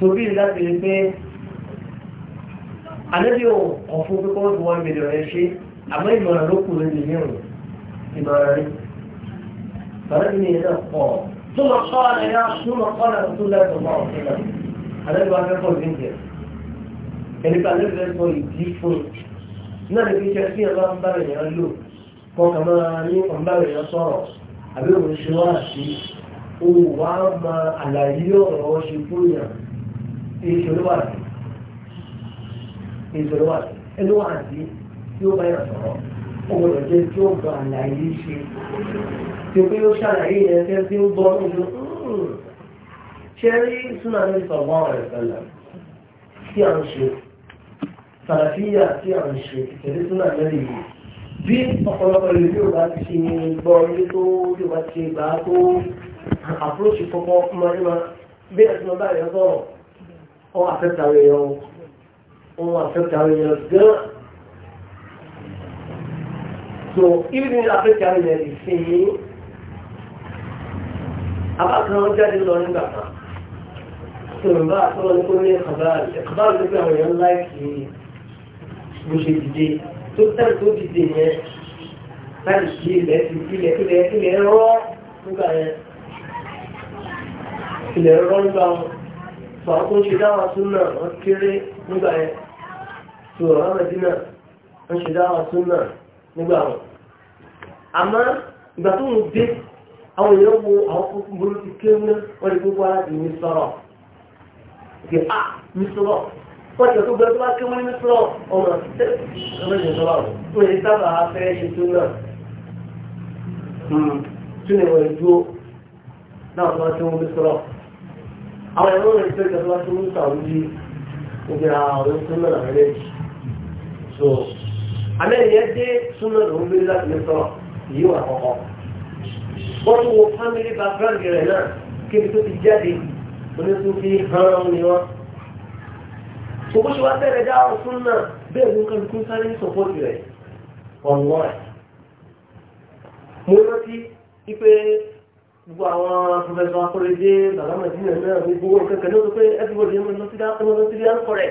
torí láti rí pé alẹ́bí ò kọ̀ fún pé kọ́mọ́tò wọn mèlè rẹ̀ ṣe àmọ́ ìmọ̀ràn ló kù lórí ìlú rẹ̀ ìmọ̀ràn rẹ̀ bàbá mi nìyẹn náà pọ̀ tó lọ kọ́ ara yá tó lọ kọ́ ara tó lẹ́tọ̀ mọ́ ọ̀sẹ̀ náà alẹ́bí wọn fẹ́ pọ̀ ní ìjẹ́ ẹni pé alẹ́bí rẹ̀ ìdí fún náà ní kí sí ẹ̀ bá ń bá rẹ̀ lò kọ́ kàmá ní ọ̀ ohun wa ma àlàyé ọ̀rọ̀ ṣe fóyà ìṣòlówàtí ìṣòlówàtí ẹlówàtí tí ó bá yà sọ̀rọ̀ ohun ọ̀jẹ́ tí ó gba àlàyé ṣe tí ó pé ó ṣàlàyé yẹn tẹ́ tí ó gbọ́ nínú hmm. ṣe rí súnà ní sọ̀gbọ́n rẹ̀ pẹ̀lẹ̀ tí a ń ṣe sàràfíà tí a ń ṣe ìtẹ̀lé súnà lẹ́yìn yìí bí ọ̀pọ̀lọpọ̀ ìlú yóò bá ti ṣe gbọ́ ilé tó yóò bá ti ṣe gbà tó àpúròṣì fọ́pọ́ mọ́rímá bí ẹ̀sìn máa bá èèyàn sọ̀rọ̀ ó àfẹ́tà èèyàn ó àfẹ́tà èèyàn gan-an so ibi ni àfẹ́tà èèyàn ìsinyìí abákan jáde lọ nígbà kan sọ̀rọ̀ bá sọ̀rọ̀ ní kó ní ẹ̀kọ̀báàlì ẹ̀kọ̀báàlì ló pé àwọn èèyàn láìkì bó ṣe dìde tó tẹ́lẹ̀ tó dìde yẹn láì kí ilẹ̀ ti kílẹ̀ kílẹ̀ kílẹ̀ rọ́ nígbà yẹn ilẹ̀ ẹ̀rọ nígbà wọn sọ àwọn tó ń ṣe dáwà súnà wọn kéré nígbà yẹn tó ọ̀rọ̀ ń ṣe dáwà súnà nígbà wọn. àmọ́ ìgbà tó ń dé àwọn èèyàn wo àwọn kókó gbóló ti kéwú náà wọ́n lè gbogbo ara ìní sọ̀rọ̀ ìgbà a ah, mi sọ̀rọ̀ wọ́n ti ọ̀tún gbẹ́rẹ́ tó bá kéwú ní sọ̀rọ̀ ọmọ ẹ̀rọ ìṣẹ̀lẹ̀ lè hmm, sọ̀rọ̀ àwọn ẹ̀rọ rẹ̀ tẹ́ ìjọba tó ń sàwùjí níbi àwọn súnmọ́ náà rẹ̀ so amẹ́rìyẹ dé súnmọ́ ló ń gbé láti ní sọ èyí wà kọ̀kọ́ wọ́n tún wo family background rẹ̀ náà kébi tó ti jáde onísúnfí hàn ni wọ́n so bó ṣe wá bẹ̀rẹ̀ dá àwọn súnmọ́ bẹ́ẹ̀ ló ń kàn kún sáré support rẹ̀ online mo rántí ipe gbogbo àwọn professor akọ́rẹ́dé bàbámẹ́dínà náà ní gbogbo kẹ́kẹ́ ló pé everybody ń lọ sí dá ọmọ lọ sí dá ń kọrẹ̀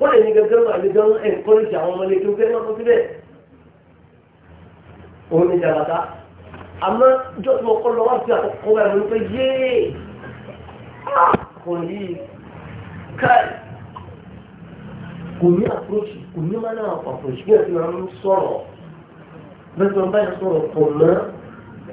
wọ́n lè ní gẹ́gẹ́ bá lè dán encourage àwọn ọmọ lè tó gẹ́gẹ́ lọ síbẹ̀ òun ní jàbàtà àmọ́ ìjọ tí wọ́n kọ́ lọ wá sí àkọ́kọ́ wa ẹ̀rọ pé yéé kò ní káì kò ní approach kò ní mánà approach bí ẹ̀sìn máa ń sọ̀rọ̀ bẹ́ẹ̀ tí wọ́n báyìí sọ̀rọ̀ pọ̀ náà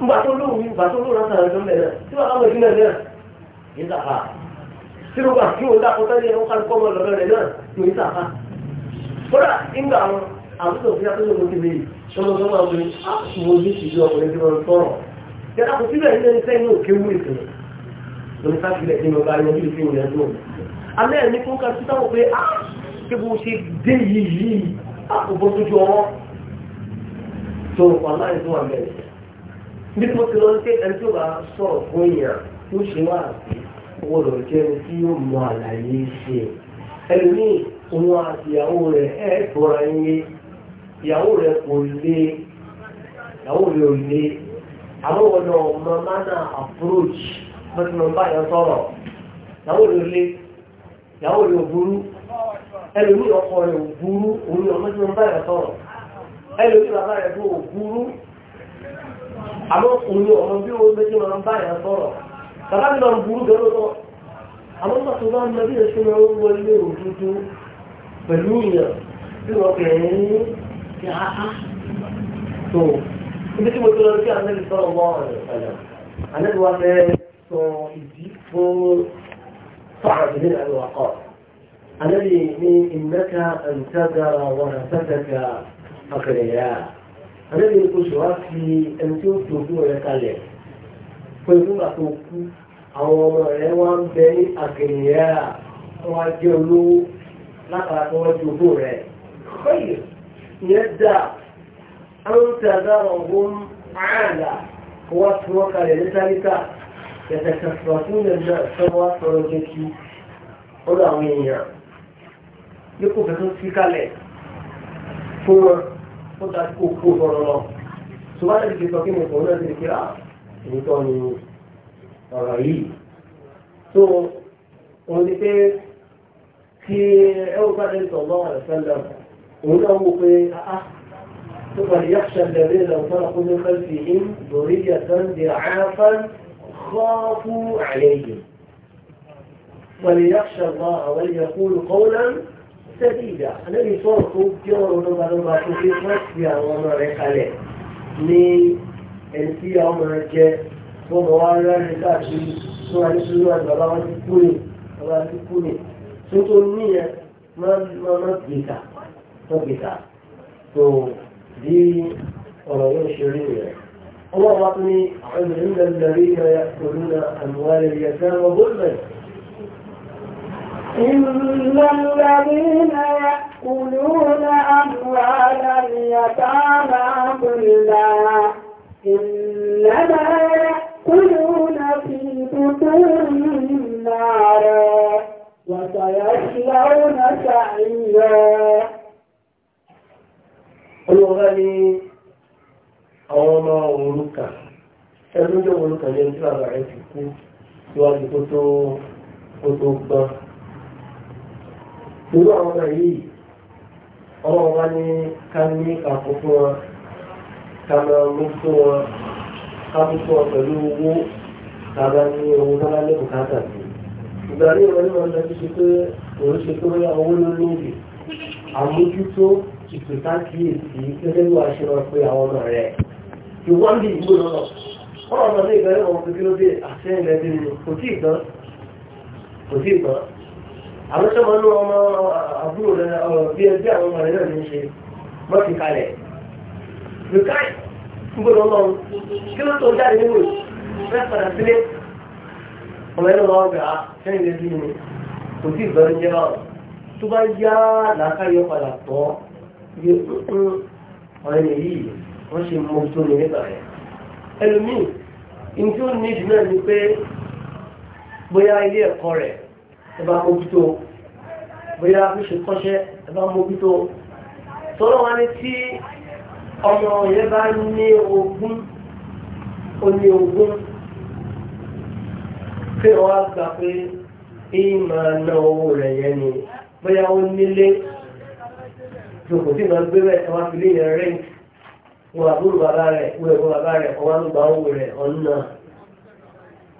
ìgbà tó lóhùn ìgbà tó lóhùn ọ̀sán ọ̀dọ́ mẹ́rin tí wọ́n káwọn ìdílé náà yìí sàfà tí tí wọ́n dá kọ́tà ní ẹ̀wọ́n kálukọ́ ọmọ lọ́dọ̀ rẹ̀ náà yìí sàfà. kódà ìgbà àwọn àbúrò fi àtúntò ló ti bèèrè sọmọsọmọ àwọn àwọn ojú ìṣèlú ọkùnrin tí wọ́n tọrọ. yàrá kò ilé iṣẹ́ inú òkè ìsìn tó wà láì tó wà mẹ́rin bí mo ti lọ sí ẹni tó bá sọ̀rọ̀ fún èèyàn tó ṣe wá àti owó lọ jẹ́ ẹni tí yóò mọ àlàyé ṣe ẹlòmíì òun àti ìyàwó rẹ̀ ẹ̀ tọ́ra yín ìyàwó rẹ̀ kò lè ìyàwó rẹ̀ ò lè àwọn ọ̀nà ọmọ mánà approach mọ́tìmọ̀ bá yẹn sọ̀rọ̀ ìyàwó rẹ̀ ò lè ìyàwó rẹ̀ ò burú ẹlòmíì ọkọ rẹ̀ ò burú òun ọmọ tí mo bá yẹn sọ̀rọ̀ ẹlòmíì bàbá rẹ̀ tó ò burú àmọ́ òun ọ̀rọ̀ bí o méjì máa ń bá yẹn sọ̀rọ̀ bàbá mi máa ń burú gan lọ́tọ̀ àmọ́ nígbà tó bá ń mẹ́bí ẹ̀ṣẹ́ máa ń wọ ilé òdodo pẹ̀lú ìyàn bí wọ́n kẹ̀ ẹ́ ní ti áá tó ibi tí mo ti lọ sí àmẹ́lì sọ̀rọ̀ wọ́n ọ̀rẹ́ ìpẹ̀lẹ̀ àmẹ́lì wa fẹ́ sọ ìdí fún صعب من الوقار الذي من إنك أن تذر ورثتك أغنياء àbẹ́bí epo ṣe wá fi ẹni tí ó fi òkú rẹ̀ kalẹ̀ pé nígbà tó kú àwọn ọmọ rẹ̀ wá ń bẹ ní àgbẹ̀yẹ́rà wọ́n á jẹ́ olówó látara tí wọ́n ju òkú rẹ̀ kọ́yì ìyẹn dà àwọn tí a dára ọ̀hún ààlà kó wá fi wọ́n kalẹ̀ ní sáríkà yàtọ̀ kàfùrà fún ilẹ̀ náà sọ́wọ́ wá sọ̀rọ̀ jẹ́ kí ó àwọn èèyàn dípò kẹtọ́ sí kalẹ̀ fún wọn. tó dájú kó kó fọ́rọ̀ lọ tó bá lẹ́yìn kí sọ kí mo sọ náà ti kí á nìkan ni ọ̀rọ̀ yìí tó òun ni pé kí ẹ ó bá lẹ́yìn sọ̀rọ̀ àwọn ẹ̀fẹ́lẹ̀ òun náà wò pé áá tó bá lè yàtọ̀ lẹ́rẹ́ lọ fọ́nà kó ní kẹ́lifì ń lórí yàtọ̀ ń di àáfán kọ́ọ̀fù àlejò وليخشى الله وليقول قولا سديدا الذي صار خوف جار ونبع نبع خوفي fi àwọn ọmọ rẹ̀ kalẹ̀ ní ẹni tí àwọn ọmọ rẹ̀ jẹ tó mọ̀ wá rẹ́rìn káàkiri tó wà ní sùúrù àti bàbá wọn ti kú ni bàbá ti kú ni tó tó ní yẹn máa máa gbèkà máa gbèkà tó bí ọ̀rọ̀ yóò ṣe rí nìyẹn. الله أعطني عن عند الذين يأكلون أموال اليتامى ظلما إن الذين يأكلون تأكلون أموال اليتامى ظلا إنما يأكلون في بطونهم نارا وسيصلون سعيرا Olúwa ní àwọn ọmọ òrùka, ẹgbẹ́ jẹ́ òrùka ní ẹjọ́ àwọn ẹ̀ ti kú síwájú kó tó gbọ́n. Irú àwọn ọmọ yìí ọlọ́run wá ní ká ní àkókò wọn ká máa mú fún wọn ká mú fún wọn pẹ̀lú owó ká bá ní owó ká bá lẹ́kùn ká tà sí. ìgbà ní ìwọ̀n náà lọ sí pé òun ṣe pé bóyá owó ló lóore àmójútó ìtòtá kíyèsí gẹ́gẹ́ bí wàá ṣe máa pe àwọn ọmọ rẹ̀ kí wọ́n bí ìgbó lọ́nà ọ̀rọ̀ ọ̀nà ìgbà yẹn wọn fi kí ló dé àṣẹ ilẹ̀ kò tí ì tán kò tí ì tán àwọn tó máa ń lo ọmọ àbúrò rẹ bí ẹgbẹ́ àwọn ọmọ rẹ náà ní í ṣe wọ́n ti kalẹ̀ lùkà gbọ́dọ̀ ọmọ kí ló tó ń jáde nínú rẹ padà sílé ọmọ ẹni wọn gbà sẹ́yìn lé bí mi kò sí ìbẹ̀rù jẹ́ báwọn tó bá yá làákàyọ padà tọ́ bí ọ̀rẹ́ mi yìí wọ́n ṣe mọ tó ní nígbà rẹ̀ ẹlòmíì ní ó ní ìdí náà ni pé bóyá ilé ẹ̀kọ́ rẹ̀ ẹbá mójútó bóyá níṣe kọ́ṣẹ́ ẹbá mójútó tọ́lọ́ wa ní tí ọmọ yẹn bá ní ogún ó ní ogún pé wọ́n á gbà pé ìmọ̀ na owó rẹ̀ yẹn ni bóyá ó nílé jòkó tí màá gbé bẹ́ẹ̀ wá fi lé yẹn rẹ́ǹtì wọn àbúrò bàbá rẹ̀ wọ́n ẹ̀gbọ́n bàbá rẹ̀ ọ̀wá ń gba owó rẹ̀ ọ̀nà.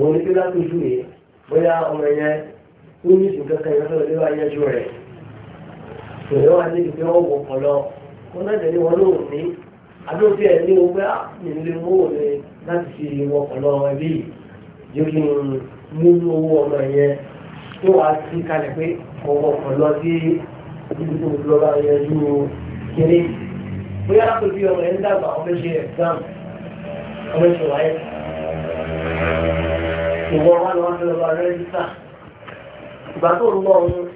òun ní pé lápẹjú rẹ̀ bóyá ọmọ yẹn ó ní ìsìn kankan yẹn fẹ́ lọ́wọ́ ayájú rẹ̀ ìrẹ́ wa ní ìgbé ọ̀wọ̀ ọ̀pọ̀lọ wọn náà tẹ̀lé wọn lóhùn ní àdóòtú ẹ̀ ní owó nílé owó rẹ̀ láti fi wọn ọ̀pọ̀lọ ẹbí yóò kí n mú owó ọmọ yẹn tó wàá sí kalẹ̀ pé ọwọ́ ọ̀pọ̀lọ sí ibi tó lọ bá yẹn kiri bóyá kò sí ọmọ yẹn dàgbà ọmọ ṣe ẹ̀gbọ́n ìwọ wá lọ sí ọba ìgbà tó lọ ọ̀hún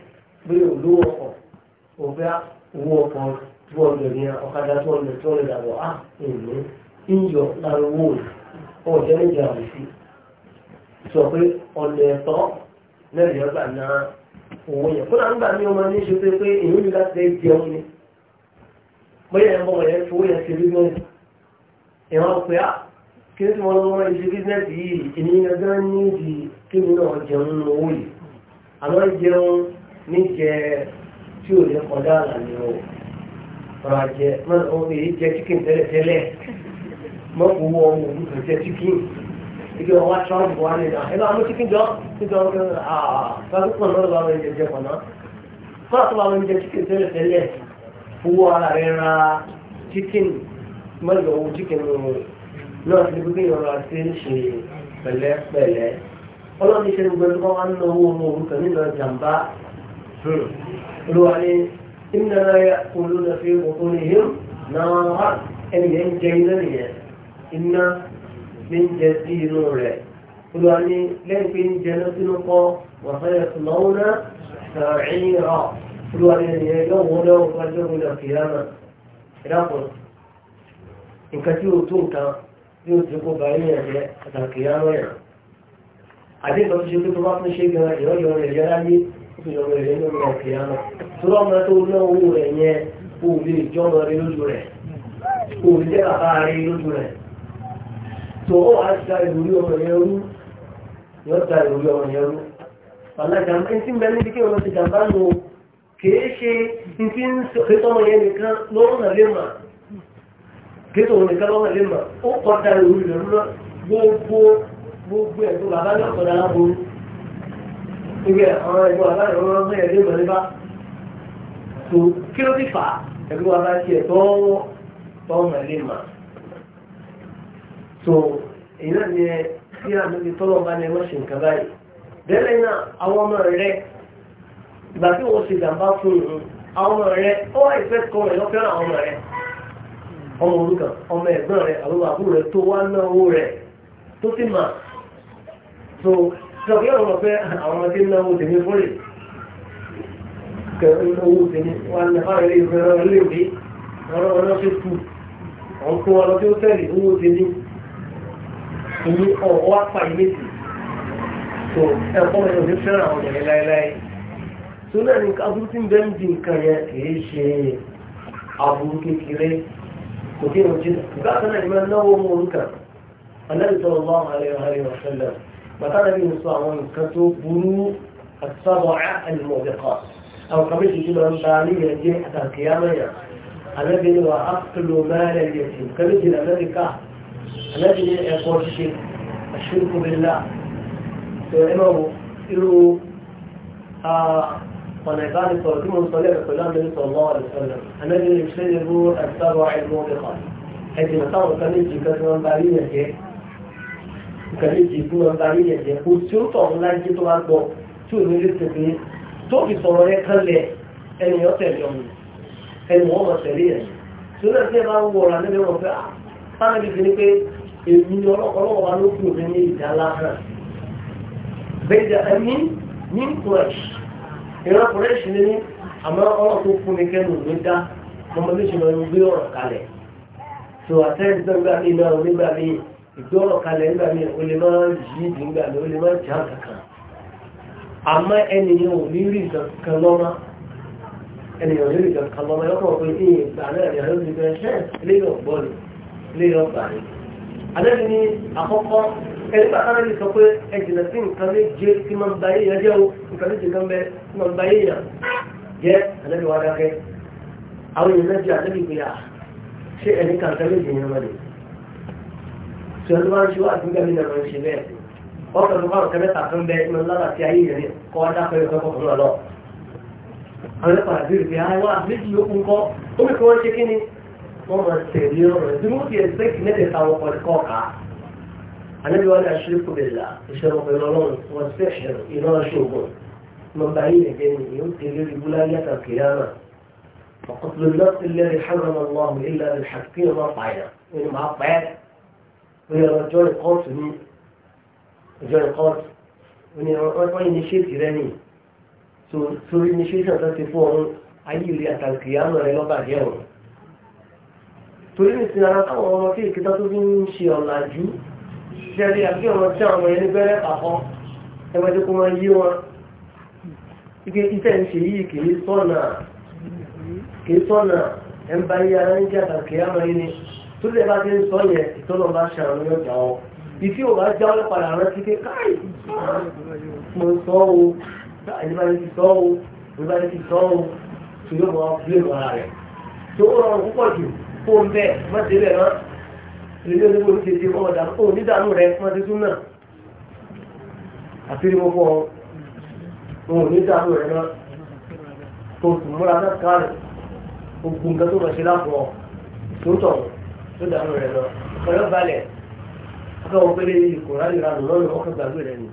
bí òlú ọkọ̀ òfẹ́ owó ọkọ̀ bó ọ̀dọ̀ ní ọ̀kadà tó ọ̀dọ̀ tó ọ̀dọ̀ dàbọ̀ á èmi ń lára owó ọ̀jẹ́ méjì àwọn sí sọ pé ọ̀nà ẹ̀tọ́ na ọgbà náà owó yẹn kó ń gbà ní ọmọ ní ṣe pé pé èyí ń gbà tẹ́ jẹun ni bóyá ẹ̀ yẹn fowó yẹn rí pé kí wọ́n lọ́wọ́ ìṣe bíznẹ́sì yìí ìní ẹgbẹ́ ní ìdí kí ní náà jẹun owó yìí àmọ́ jẹun ní jẹ tí ò ní kọjá àlàyé o máa jẹ mọ́tò èyí jẹ chicken tẹ́lẹ̀tẹ́lẹ̀ mọ́kò owó ọmọ òun kò jẹ chicken ike wọn wá trump wá ní ìdá ẹ máa chicken jọ chicken jọ kí wọn kí wọn lọ́dọ̀ bá wọn jẹ jẹ kọ̀ náà kọ́lá tó bá wọn jẹ chicken tẹ́lẹ̀tẹ́lẹ̀ owó náà ti gbé ìrọ̀rọ̀ àti ṣe pẹ̀lẹ́pẹ̀lẹ́ ọlọ́run ti ṣe gbogbo ẹni kọ́ wá ń náwó ọmọ òrukàn nílò jàǹbá olúwa ni ìnáwó olóòdà fi òkú ni yìí náà wá ẹni yẹn ń jẹ iná nìyẹn iná ní ń jẹ sí inú rẹ̀ olúwa ni lẹ́yìn pé ń jẹ lọ́sínú kọ́ wà fẹ́rẹ̀ sùnmọ́wó náà sàrìn rọ̀ olúwa lọ́wọ́ fún bí ó ti kó ba yín yẹn jẹ àtàkì àrùn yẹn àti ìtọ́jú ṣe pé tó bá tún ṣe gan ìrọ́jọ́ rẹ̀ yẹ láyé ó fi yọ̀rọ̀ rẹ̀ nínú ọ̀kì àrùn tó lọ́mọ tó ná owó rẹ̀ yẹn kó o lè jọ́mọ rẹ lójú rẹ̀ kó o lè jẹ́ bàbá rẹ lójú rẹ̀ tó ó wàá ta ìròrí ọmọ yẹn rú yóò ta ìròrí ọmọ yẹn rú ọ̀làjà ń tí ń bẹ níbi kí wọ́n ti jàmbá nù kèé ṣe ń tí ń sọ kéde òun nìkan lọ́wọ́ lè mọ̀ ó kọ́ta ìlú rẹ̀ lọ gbogbo gbogbo ẹ̀ tó bàbá náà kọ́ta lábo níbi àwọn ẹ̀gbọ́n bàbá rẹ̀ wọ́n fẹ́ ẹ̀dẹ́ ìmọ̀ nípa tó kí ló ti fà á ẹ̀gbọ́n bàbá tiẹ̀ tọ́wọ́ tọ́wọ́ mọ̀ lè mọ̀ tó èyí náà ni kí àmì ti tọ́lọ̀ bá ní ẹgbẹ́ ṣe nǹkan báyìí bẹ́ẹ̀ náà àwọn ọmọ rẹ̀ ìgbà tí wọ́n ṣe ìjàmbá fún un àwọn ọmọ rẹ̀ ó wà ìfẹ́ kọ́ ẹ̀ lọ́fẹ́ràn àwọn ọmọ rẹ̀ ọmọ òrukàn ọmọ ẹ̀gbọ́n rẹ̀ àwọn àbúrò rẹ̀ tó wá náwó rẹ̀ tó sì mà so sọ kí ọ̀rọ̀ pé àwọn ọmọdé náwó tèmi fún rè kẹ owó tèmi wà ní afárẹ̀ lè fẹ́ ọ̀rọ̀ lè wé ọ̀rọ̀ ọ̀rọ̀ ṣe kù àwọn tó wà lọ sí hòtẹ́ẹ̀lì owó tèmi èmi ọ̀wọ́ apá ilé tì so ẹ̀kọ́ mi ò ní fẹ́ràn àwọn ọ̀rẹ́ láéláé ودينه جدا بعثنا الإمام النووي منكر النبي صلى الله عليه وآله وسلم بعثنا به صلى الله عليه وسلم بنو السبع الموبقات أو قبل يجيب رمضانية دي حتى القيامة الذي هو أقل مال اليتيم قبل الأمريكا الذي يقول شيء الشرك بالله إمامه إلو آه ọ̀nà ìbánisọ̀rọ̀ tí mo ń sọ lẹ́ẹ̀kọ́ pẹ̀lú àmì sọ̀rọ̀ àdìsọ̀rọ̀ àmẹ́bí ní ṣe lè bú ẹ̀sọ́rọ̀ àìmọ́ ìkọ̀ ẹ̀jìnà táwọn kan méjì kan tí wọ́n bá rí yẹn jẹ́ nǹkan méjì tí wọ́n bá rí yẹn jẹ́ kó tí ó tọ̀ ńlá jí tó bá gbọ́ tí ò ní lè ṣe pé tó fi sọ̀rọ̀ rẹ kanlẹ̀ ẹnìyàn tẹ̀lé ọ̀hún ẹnì ni pé èmi ọlọ́kọ̀ọ́lọ́wọ́ wa ló kù mí ní ìdálá hàn bẹ́ẹ̀ ìran kùrẹ́ṣì ni mí àmọ́ ọ̀rọ̀ tó fún mi kẹ́nu ló dá mọ́mọ́ bí ṣe máa ń gbé ọ̀rọ̀ kalẹ̀ tó àtẹ́rẹ́sì náà gbà mí náà nígbà mí ìgbé ọ̀rọ̀ kalẹ̀ nígbà mí o lè máa yí ìdí nígbà mí o lè máa jà kankan àmọ́ ẹnìyàn ò ní rí kankan lọ́mọ ẹnìyàn ò ní rí kankan lọ́mọ yọkọ̀ pé ní ìgbà náà ni àwọn olùgbẹ́ ẹni bá sára ní sọ pé ẹ̀jìnà sí nǹkan méje tí máa ń ba yíyan jẹ́ o nǹkan méje kan bẹ tí máa ń ba yíyan jẹ́ ànábì wa dákẹ́ àwọn èèyàn náà jẹ́ ànábì pé à ṣé ẹni kan kan méje yẹn wọn ni tí wọn máa ń ṣe wá àdúgbò mi náà máa ń ṣe bẹ́ẹ̀ wọ́n kàn fún àwọn kẹ́mẹ́ta kan bẹ ìmọ̀ lára ti ayé yẹn kọ́ dákẹ́ ẹ̀kọ́ kọ̀ọ̀kan náà lọ àwọn àwọn àbíjì ló kún kọ́ ó bí kí النبي قال أشرك بالله يشرب بالله والسحر يناشوه من بعيد جنه يمكن للولاية القيامة وقتل النفس الذي حرم الله إلا بالحق وطعنا يعني مع الطعات وهي رجال قوس رجال قوس رجال نشيط إيراني سوري نشيط تتفون أي ليلة القيامة لو بعد يوم تريد أن ترى في كتاب من شيء الله ṣẹ́rí àbí ọmọ tí àwọn ẹni bẹ́rẹ̀ pàpọ̀ ẹgbẹ́jẹ́ kó máa yí wọn ike iṣẹ́ ń ṣe yìí kìí sọ́nà kìí sọ́nà ẹn yí ara ń jẹ́ àtàkì àmọ́ yìí ni tó lè bá ti ń sọ yẹn ìtọ́nà bá ṣàrùn yóò jà ọ́ ìfí ò bá já ọ́ padà rán sí ké káì mo sọ o ìbáyé ti sọ o ìbáyé ti sọ ilé olúwo ti di ọ̀dà ó nídàánú rẹ̀ wọ́n ti tún náà àti ìmọ̀ fún ọ òun nídàánú rẹ̀ náà tó sùn múra náà kárẹ̀ ogun nǹkan tó lọ ṣe láàbọ̀ tó tọ̀ tó dàánú rẹ̀ lọ ọ̀rẹ́ balẹ̀ ọkọ̀ wọn pélé ikùn rárí ìranù lọ́rùn ọkọ̀ gbàgbé rẹ̀ ni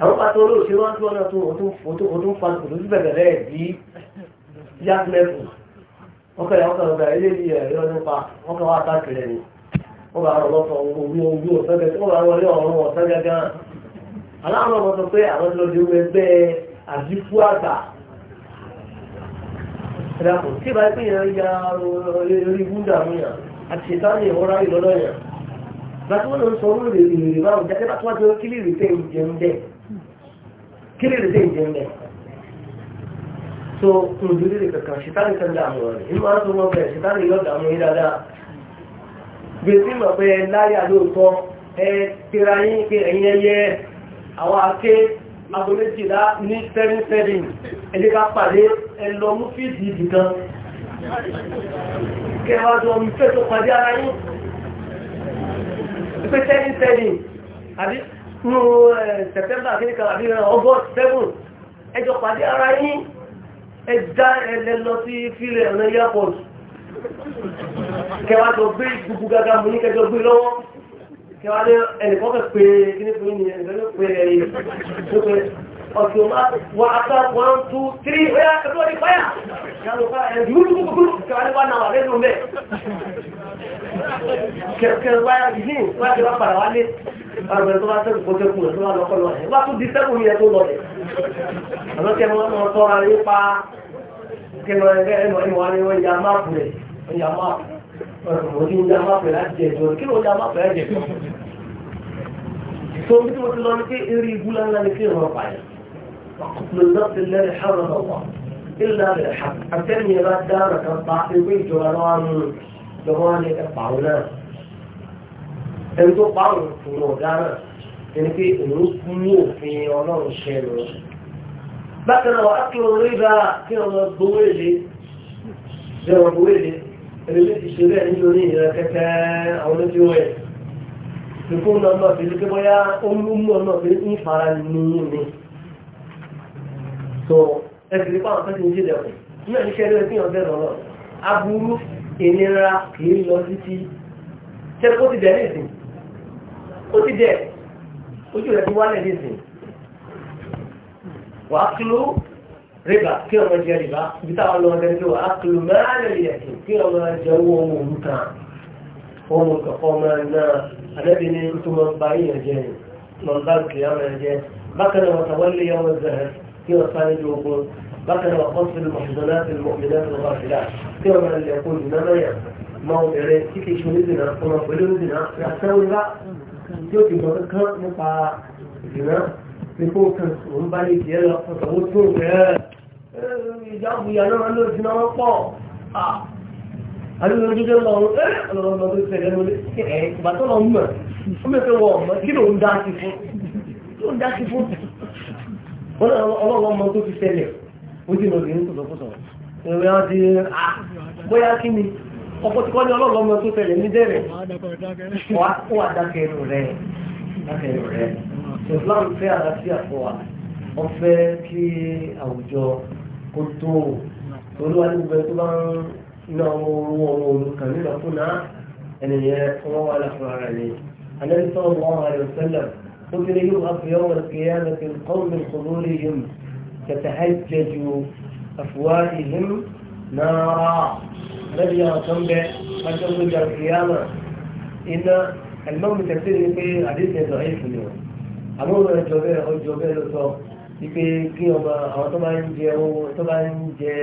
àwọn pàtó olóòṣèlú wọn tó ọ̀nà tó o tó fa kòtò tó bẹ̀rẹ̀ rẹ̀ bí yá mẹ́fù ọkọ̀ ìyàwó kan lọ́gbà ilé ìyẹ̀rẹ́ ọdún pa ọkọ̀ wa tá kiri ni wọ́n bá rọ̀ lọ́sọ̀ orí orí ọ̀sán gẹ́gẹ́ wọ́n bá rọ̀ lé ọ̀run ọ̀sán gẹ́gẹ́ aláwọn ọmọ sọ pé àwọn ti lọ di orí ẹgbẹ́ àdínkù àgbà ìdàpọ̀ tí ìbá pín yẹn ya orí gúndà mú yàn àti ìtàní ìwọ́ra ìlọ́lọ́ yàn láti wọ́n lọ sọ orí ìrìnrìn márùn jáde bá tó wájú kílì rìtẹ́ ìjẹun bẹ́ẹ̀ kílì rìtẹ́ ìjẹun bẹ́ẹ̀ so ǹdùrí rẹ̀ kankan ṣìtàní kan dààmú rẹ̀ nínú àwọn tó mọ̀ bẹ́ẹ̀ ṣìtàní yóò dààmú yín dáadáa gbèsè mọ̀ pé ẹ láyà lóòótọ́ ẹ kíra yín pé ẹ̀yin ẹyẹ àwọn aké aago méjìlá ní seven seven ẹ̀jẹ̀ ká pàdé ẹ lọ mú fíìdì ìdì kan kẹwàá tó ọmọ ìfẹ́ tó pàdé ara yín pé seven seven àbí nù sẹ̀tẹ́mbà kìnnìkan àbí ọgọ́st seven ẹjọ́ pàdé ara yín ẹja ẹlẹ́lọ sí fílẹ̀ ọ̀nà airport kẹwàá tó gbé gbogbo gaga mú ní kẹjọ gbé lọ́wọ́ kẹwàá lé ẹnìkan fẹ́ pé kí ní fún yìí ẹnìkan ló pé ẹyìn tó pé ọ̀sẹ̀ ọmọ wa ata one two three ó yà kẹjọ ní fáyà yàtọ̀ fáyà ẹ̀ dúró dúró dúró kẹwàá lé wà náà wà lẹ́nu mẹ́ kẹkẹ wáyà yìí wáyà tí wọ́n padà wálé àgbẹ̀ tó bá sẹ́kù kọ́kẹ́ kù tó bá lọ́kọ́ lọ ẹ̀ wá tún di sẹ́kù yẹn tó lọ ẹ̀ àmọ́ kẹ́ wọ́n mọ̀ tọ́ra yín pa kẹ́ lọ ẹgbẹ́ ẹnu ẹnu wa ni wọ́n ya máàpù rẹ̀. يا ما ودين ده ما في الأجهزة ولكن ولا في الأجهزة يقول أنا نكير ربعي وقتل النفس الذي حرم الله إلا بالحق أتني ما دارك الطائبين جوانان جواني الطعونات ẹni tó pààrọ̀ fún ọ̀gá náà ẹni pé òun mú òfin ọlọ́run ṣe lọ. bákan náà wà á kí wọn rí bá kí wọn gbowó èlé bẹ́ẹ̀ wọn gbowó èlé ẹlẹ́lẹ́ ti ṣeré ẹni lórí ìran kẹ́kẹ́ àwọn olójú rẹ̀ ìkó ń lọ́nà ìlú pé bóyá ó ń mú ọ̀nà pé ní ní so ẹsì nípa àwọn tẹ́sí ní jíjẹ kù ní ẹni ṣẹ́rí ẹni ọ̀bẹ lọ́nà aburú ìnira kìí lọ títí ṣẹ́rí ó ti dẹ̀ nísìn ó ti dẹ̀ ojú rẹ̀ ti wálẹ̀ nísìn wàá kíló rìbá kí ọmọ jẹ rìbá ibi táwọn lọ́wọ́ dẹ́rẹ́ pé wà á kìlọ̀ mẹ́rin lè yẹ̀kì kí ọmọ jẹ owó ọmọ òrukàn ọmọ kọ̀ọ̀kan ọmọ náà àdẹ́bí ní tó máa ń ba yíyan jẹ ni máa ń bá kìlọ̀ jẹ bákan náà wọ́n tàwọn lè yọ̀wọ́ zẹ̀rẹ̀ kí wọ́n sáré ju ogun bákan náà wọ́n fi mọ̀ṣúdọ́láṣí lọ́wọ́ kí ọmọ lè kó jùlọ náà yà kí ọmọ pẹ̀lú onídìnnà yà sẹ́wọ́n bá tí ó ti mọ̀ ní kó kan òun bá lè jẹ́ lọ òun tó rẹ̀ ìjáàbù ìyànà wọn ló jiná wọn pọ̀ àdúgbò jíjẹ́ lọ ọ̀run ẹ́ ọlọ́run tó tẹ̀lé ló ẹ̀ ìgbà tó lọ mọ̀ ó mẹ́fẹ́ wọ ọ̀mọ́ kí lòun dá sí fún tó ń dá sí fún ọlọ́run ọmọ tó ti tẹ̀lé ó ti lọ sí ní tòlókòtò ìrìn àti bóyá kí ni ọkọ̀ tí kọ́ ní ọmọ tó tẹ̀lé ní dẹ́rẹ̀ wà dákẹ́rù rẹ̀ dákẹ́rù rẹ̀. Islam fẹ́ àlàáfíà fún wa wọ́n fẹ́ kí àwùjọ kó tó olúwa ní gbogbo ẹ̀ tó bá ń ná owó ọmọ olùkàn nígbà fún ẹnìyẹn wọ́n wà láfún ara ẹni Ànábì sallallahu alaihi wasallam ó fi ní yóò wá fi yawm al-qiyamah al-qawm min quburihim tatahajjaju afwahihim náírà Ànábì yàrá kan bẹ wájú ọjọ́ ìyá náà iná ẹ̀lọ́mù tẹ̀sí ni pé àdéhùn ẹ̀dọ̀ ẹ̀fọ́ àmọ́ ọ̀rọ̀ ẹjọ́ bẹ́ẹ̀ ọjọ́ bẹ́ẹ̀ ló sọ wípé kí ọmọ àwọn tó máa ń jẹ ohun tó máa ń jẹ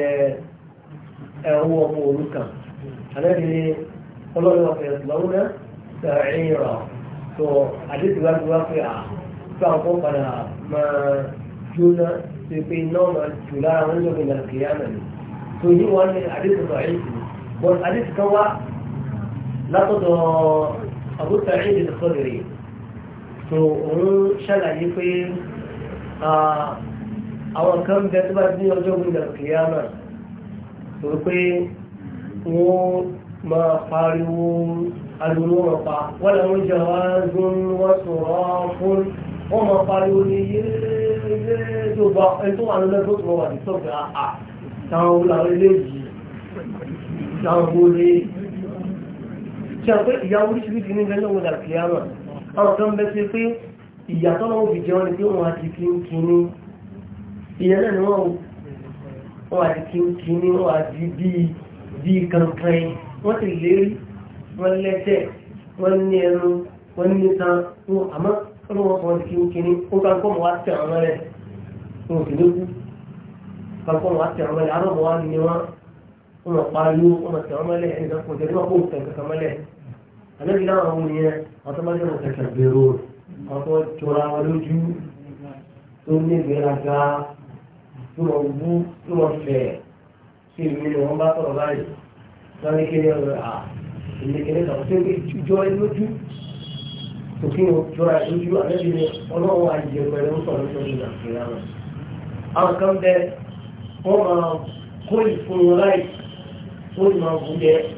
ẹ̀hún ọmọ òrukàn àlẹ́bí ni ọlọ́run ọ̀fẹ́ ìsìláwọ́n náà ṣàrìn rà tó àdéhùn wá wá pé à tó àwọn kan padà máa jóná tó pé iná máa jù lára wọn lóbi náà kìí àná ni tó yí wọn ní àdéhùn tó sí bọ́n àdéhùn kan wá látọ̀dọ̀ àbúta ẹ̀yìn ìdíkọ́ so òun ṣàlàyé pé àwọn kan bẹ tó bá ní ọjọ́ gbígbà kìíyàmà tó pé wọ́n máa pariwo ariwo wọn pa wọ́n làwọn jẹ́ wọ́n wọ́n sọ̀rọ̀ fún wọ́n máa pariwo ní yéé tó bá ẹni tó wà lọ́lẹ́ tó tó wà ní sọ́gbà àà táwọn àwọn tó ń bẹ́ sí pé ìyàtọ̀ náà fi jẹun ni pé wọ́n àti kínkínní ìyẹn náà ni wọ́n àti kínkínní wọ́n àti bí kankan wọ́n ti lérí wọ́n lẹ́sẹ̀ wọ́n ní ẹnu wọ́n ní tan wọn àmọ́ wọ́n kọ́ ní kínkínní ó ká kọ́ mọ́ wá tẹ̀ àwọn rẹ̀ wọn ò sì ní kú ká kọ́ mọ́ tẹ̀ àwọn rẹ̀ àlẹ́bí láwọn ọmọ yẹn ọtọ́mọdé wọn kẹsẹ̀ gbèrò ọtọ́ jọra wọn lójú tó ní ìgbéraga tó lọ wú tó lọ fẹ̀ sí ìlú ni wọ́n bá sọ̀rọ̀ báyìí wọ́n ní kéde ọ̀rọ̀ à ìlú kéde kàwọn tó ní ìjọ lójú tòkí o jọra lójú àlẹ́bí ni ọlọ́run àjẹ pẹ̀lú sọ̀rọ̀ tó ní nàìjíríà náà. àwọn kan bẹ wọ́n máa kó ìfún wọn láì ó ì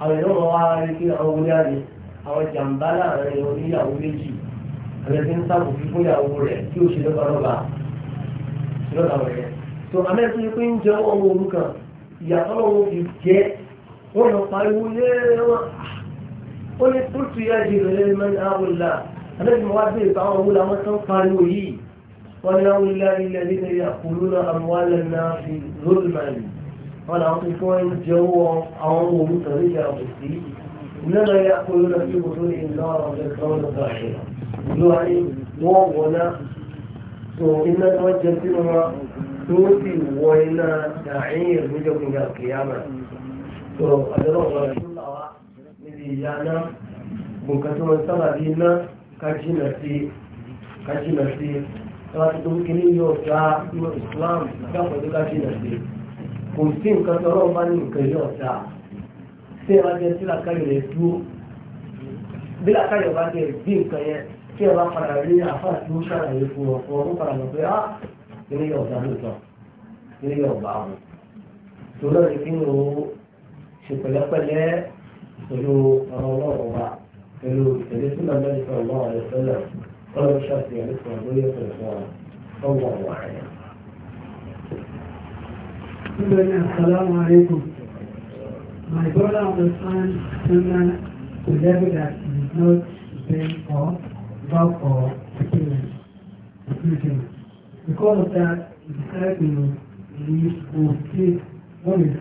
àwọn èèyàn wọn wá rí pé àwọn wúlíà ni àwọn jàǹbá láàrin oníyàwó méjì àbẹ̀tí ń sábò fi fún ìyàwó rẹ̀ kí ó ṣe lọ́gbàlọ́gbà lọ́dà wọ̀ yẹn. tó àmẹ́tí pé ń jẹ́ ọmọ òrukàn ìyàtọ̀ lọ́wọ́ fi jẹ́ wọ́n lọ pariwo yé wọn ó ní tó tu yá jèrè lẹ́nu mẹ́rin àwòlá àmẹ́tí wọn wá bèèrè pé àwọn òwúlà wọn tán pariwo yìí wọn ní àwòlá ilẹ̀ nílẹ̀ àkùrú náà àmúwálẹ̀ náà fi lóòlù wọn làwọn tó fún wọn jẹ owó àwọn ohun òmùtọ̀ níjà òkùsí ìnáwó ya kó lóra sí mo tó ní ìlú àwọn ọ̀dọ́ ìtọ́wọ́ lọ́dọ̀ àṣẹ ìlú wa ní wọ́n wọná tó iná tó jẹ sí wọn tó sì wọ iná dàáyìn ìrìnjọ́gbìn ìjà òkèyàmà tó àdúrà wọn níbi ìyá náà gbọ̀ǹkan tó wọn sábà kò sí nǹkan tó ọlọ́run bá ní nǹkan yóò ta tí ẹ bá jẹ tí làkàyè rẹ dúró bí làkàyè bá jẹ bí nǹkan yẹn tí ẹ bá padà rí àfáà tí ó ṣàlàyé fún ọ fún ọ fún padà lọ pé á ah, ilé yóò dá lóòótọ́ ilé yóò bá wọn torí ọ̀rẹ́ kí ni o ṣe pẹ̀lẹ́pẹ̀lẹ́ pẹ̀lú ọ̀rọ̀ ọlọ́run wa pẹ̀lú ìtẹ̀lé tí màmá ìfẹ́ ọ̀gbọ́n ọ̀rẹ́ fẹ́lẹ̀ ọlọ́run ṣàfihàn nípa ọ̀gbọ́n yóò fẹ́ fún ọ Assalamu alaikum. My brother understands Sunnah to level that is not bent or love or appearance. Because of that, he decided to leave or take what is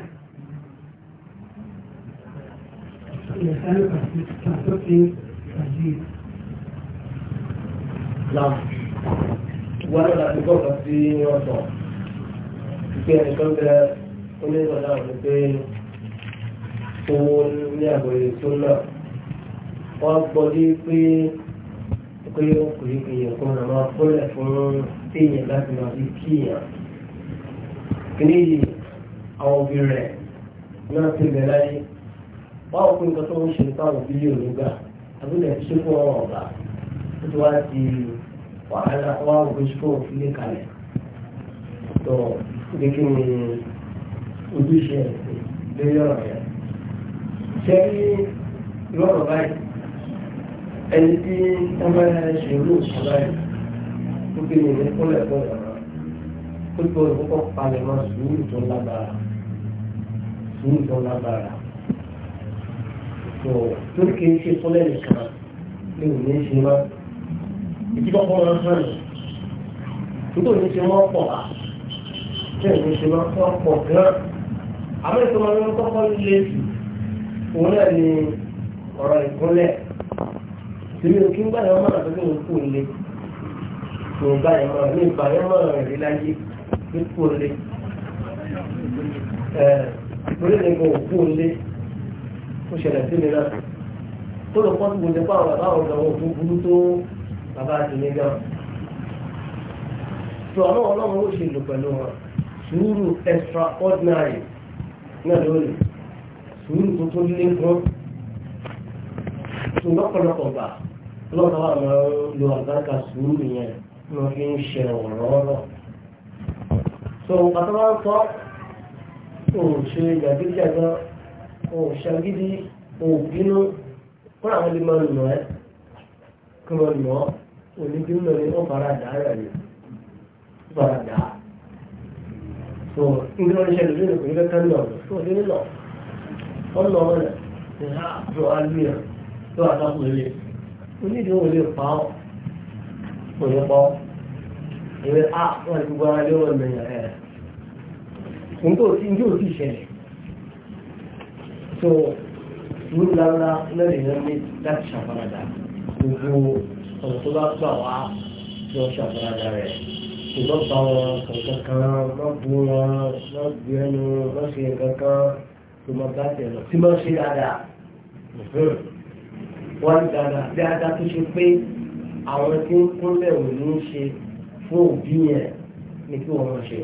Now, what of the people that we pé ẹnìkan bẹ onígbà náà ní pé owó ní àgbèrè tó náà wọ́n gbọ́ dé pé pé ó kò lè fi èèyàn kan máa fúnlẹ̀ fún èèyàn láti máa fi kíyàn kìíní yìí àwọn òbí rẹ̀ náà ti bẹ̀ láyé wọ́n kó nǹkan tó ń ṣe fáwọn òbí yìí ònígbà àbúlẹ̀ ṣé fún ọmọ ọ̀gá ó ti wá di wàhálà wọ́n á wò pé ṣé fún òfin lè kalẹ̀ ní ẹni tí wọ́n bá ṣe ìlú ìṣọ̀lá yìí ó kí ni ní kúnlẹ̀ fún ọ̀rọ̀ ó tó ìkókó palẹ̀ mọ́ sùúrù tó lágbára sùúrù tó lágbára. tó torí kì ṣe kúnlẹ̀ nìkan ní òní ṣe máa ìdíkọ́ fún ọ̀rọ̀ sọ̀rọ̀ nítorí ṣe wọ́n pọ̀ wá tí ṣe máa tọ́ pọ̀ gan-an àmọ́ ìtumọ̀ ní wọ́n kọ́kọ́ lé òun náà ni ọ̀rọ̀ ìkúnlẹ̀ tèmi ò ń gbàyàn máa tó kéwọn kú lé kò gbàyàn máa ní ìgbàyàn máa rìn rí láyé ní kú lé ẹ̀ orí kò kú lé ó ṣẹlẹ̀ sí mi náà tó lọ pọ́n gbòdè pa bàbá àwọn ọ̀dọ́ tó burú tó bàbá àti mi gan. tó àwọn ọlọ́run ó ṣe lò pẹ̀lú wọn sùúrù extraordinary náà lórí sùúrù tó tó lé fún tó lọ́pọ̀lọpọ̀ gbà lọ́pọ̀ wà máa ń lo àgbàkà sùúrù yẹn wọ́n fi ń ṣe ọ̀rọ̀ so àtàwọn ń sọ òun ṣe jàgídíjàgbọ́n òun ṣàgídí òun bínú fún àwọn ilé máa ń nà ẹ́ kí wọ́n nà ọ́ òní bínú ní ó fara dà á rẹ̀ ó fara dà á. 说，你看你现在这个国家真闹，说真的闹，闹的，你看，说安逸了，对吧？他富裕，我那天我就包，我一包，因为啊，我我留了那个哎，红豆，红豆提前，就你拿拿拿点点米，咱吃不了的，然后他们不知道做啥，就吃不了的嘞。ṣùgbọ́n pa wọn kankan kan má bu wọn má gbé ẹnu má ṣe kankan tó má bá tẹ̀ lọ tí má ṣe dáadáa hmm. wọ́n dáadáa dáadáa tó àwọn tí ń kúnlẹ̀ ò ní ṣe fún òbí yẹn ni kí wọ́n ṣe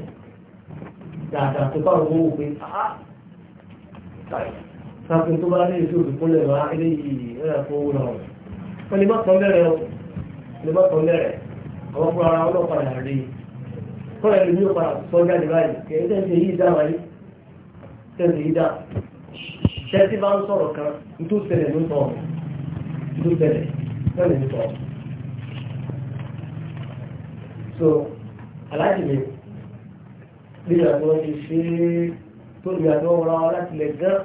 dáadáa tó bá wọ́n wò pé ah sáfin tó bá lè tó ìdúkúnlẹ̀ wá eléyìí ẹ̀rọ fowó náà wọ́n lè má tán lẹ́rẹ̀ o lè má tán lẹ́rẹ̀ fún ẹ̀rù ní ọ̀pá sọ́jà ní báyìí kẹ̀kẹ́ tẹ̀sí yìí dá wáyé tẹ̀sí yìí dá tẹ̀sí bá ń sọ̀rọ̀ kan ìtú tẹ̀lẹ̀ ló sọ ìtú tẹ̀lẹ̀ tẹ̀lẹ̀ ló sọ. so aláàjì mi bí ìgbà tí wọ́n ti ṣe tó ìgbà tí wọ́n rọra láti lẹ̀ gán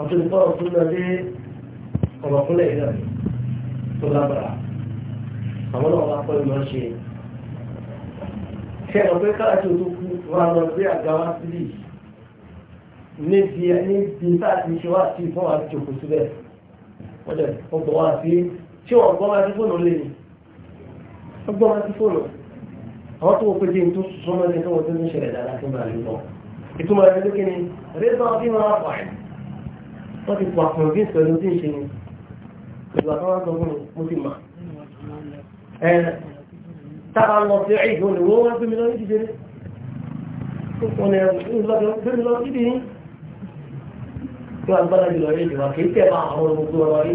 àtúntò fọ́ọ̀rọ̀ tó lọ dé ọ̀rọ̀ fúnlẹ̀ yìí náà tó lábàrà àwọn náà wá ìmọ̀ ṣe ṣẹlọ pé káàkiri tó kú wà lọ sí àgbáwá sílẹ̀ níbi níbi sáàtì ṣe wá sí fún àti òkú síbẹ̀ wọ́n dẹ̀ ọgbọ̀n wá sí tí wọ́n gbọ́n máa ti fóònù lé ní ọgbọ́n máa ti fóònù àwọn tó wọ́n pé jẹ́ ní tó sọ mọ́ ẹni tó wọ́n tó ń ṣẹlẹ̀ dáadáa tó máa lè lọ ìtumọ̀ ẹni lókè ni rẹ́bà bí wọ́n á pààyàn wọ́n ti pa fún bí ìṣẹ̀lẹ̀ tó ń ṣe ni ìgbà tó wọ́n sọ fún mi mo ti mà tára lọ sí ẹ̀yìn òní wọ́n wá gbẹ́mi lọ ní ìdíje ọ̀nà ìgbẹ́mi lọ síbi yín tí wọ́n gbọ́dọ̀ jùlọ rí ìdìbò kì í tẹ̀ máa àwọn olùgbò ọ̀rọ̀ rí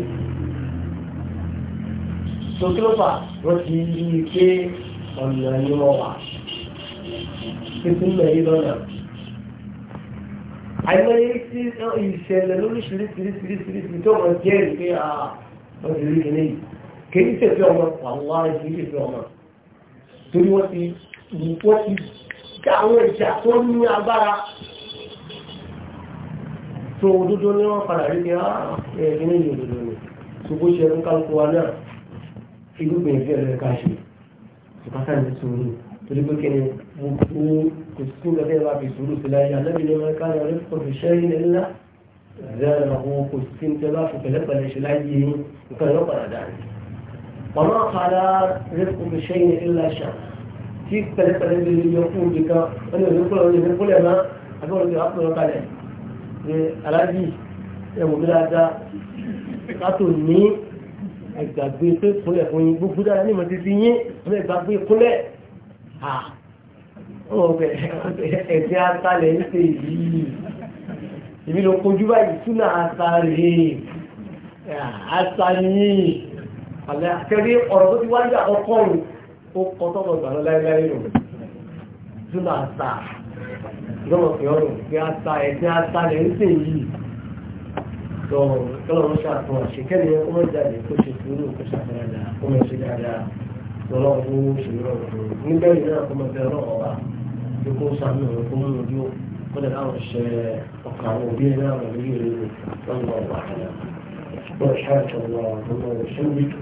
tó kí ló fà wọ́n ti rí i pé ọ̀nà ni wọ́n wà ìpínlẹ̀ yìí lọ́nà àìmọye tí ìṣẹ̀lẹ̀ lóríṣiríṣiríṣiríṣiríṣi torí wọ́n ti wọ́n ti dá àwọn ìjà tó ní agbára tó òdodo ní wọ́n padà rí ní ẹ̀ẹ́dínlẹ́ yìí òdodo ni ṣùgbọ́n ṣe ń kálukú wa náà irúgbìn ìfẹ́ rẹ̀ ká ṣe ìpátá ní sùúrù pé kí ni mo kú kò sí nǹkan tẹ́lẹ̀ bá fi sùúrù sí ní wọn káyọ̀ rẹ̀ kò fi ṣẹ́ ilẹ̀ ńlá rẹ̀ àwọn وما قال رزق بشيء إلا شر كيف تلقى يقول بك أنا يقول أنا يقول أنا أقول لك أقول لك عليه aláàjì ẹ̀wọ̀n bí dáadáa kátó ní ẹgbàgbé tó ìkúnlẹ̀ fún yín gbogbo dára ní ìmọ̀tí sí yín ọmọ ẹgbàgbé ìkúnlẹ̀ ẹ̀sẹ̀ atalẹ̀ ń ṣe yìí ìbí ló kojú báyìí túnà atalẹ̀ atalẹ̀ yìí àlẹ́ àtẹ́rí ọ̀rọ̀ tó ti wáyé àkọ́kọ́ rù ó kọ́ tọ́mọ̀ ìgbàlọ́ láíláí rù júlọ àṣà lọ́wọ́ fi ọ̀rùn fi àṣà ẹ̀sìn àṣà lẹ̀ ń sè yìí lọ kọ́lọ́run ṣàtún àṣekẹ́ni ó mọ̀ jáde kó ṣe sùúrù kó ṣàtúnradà kó mọ̀ ṣe dáadáa lọ́wọ́ fún òṣèlú ọ̀rọ̀ nígbà yìí náà kó mọ̀ fẹ́ ọ̀rọ̀ ọ̀wà tó kó sàmì ọ̀rọ̀ kó mú ojú kó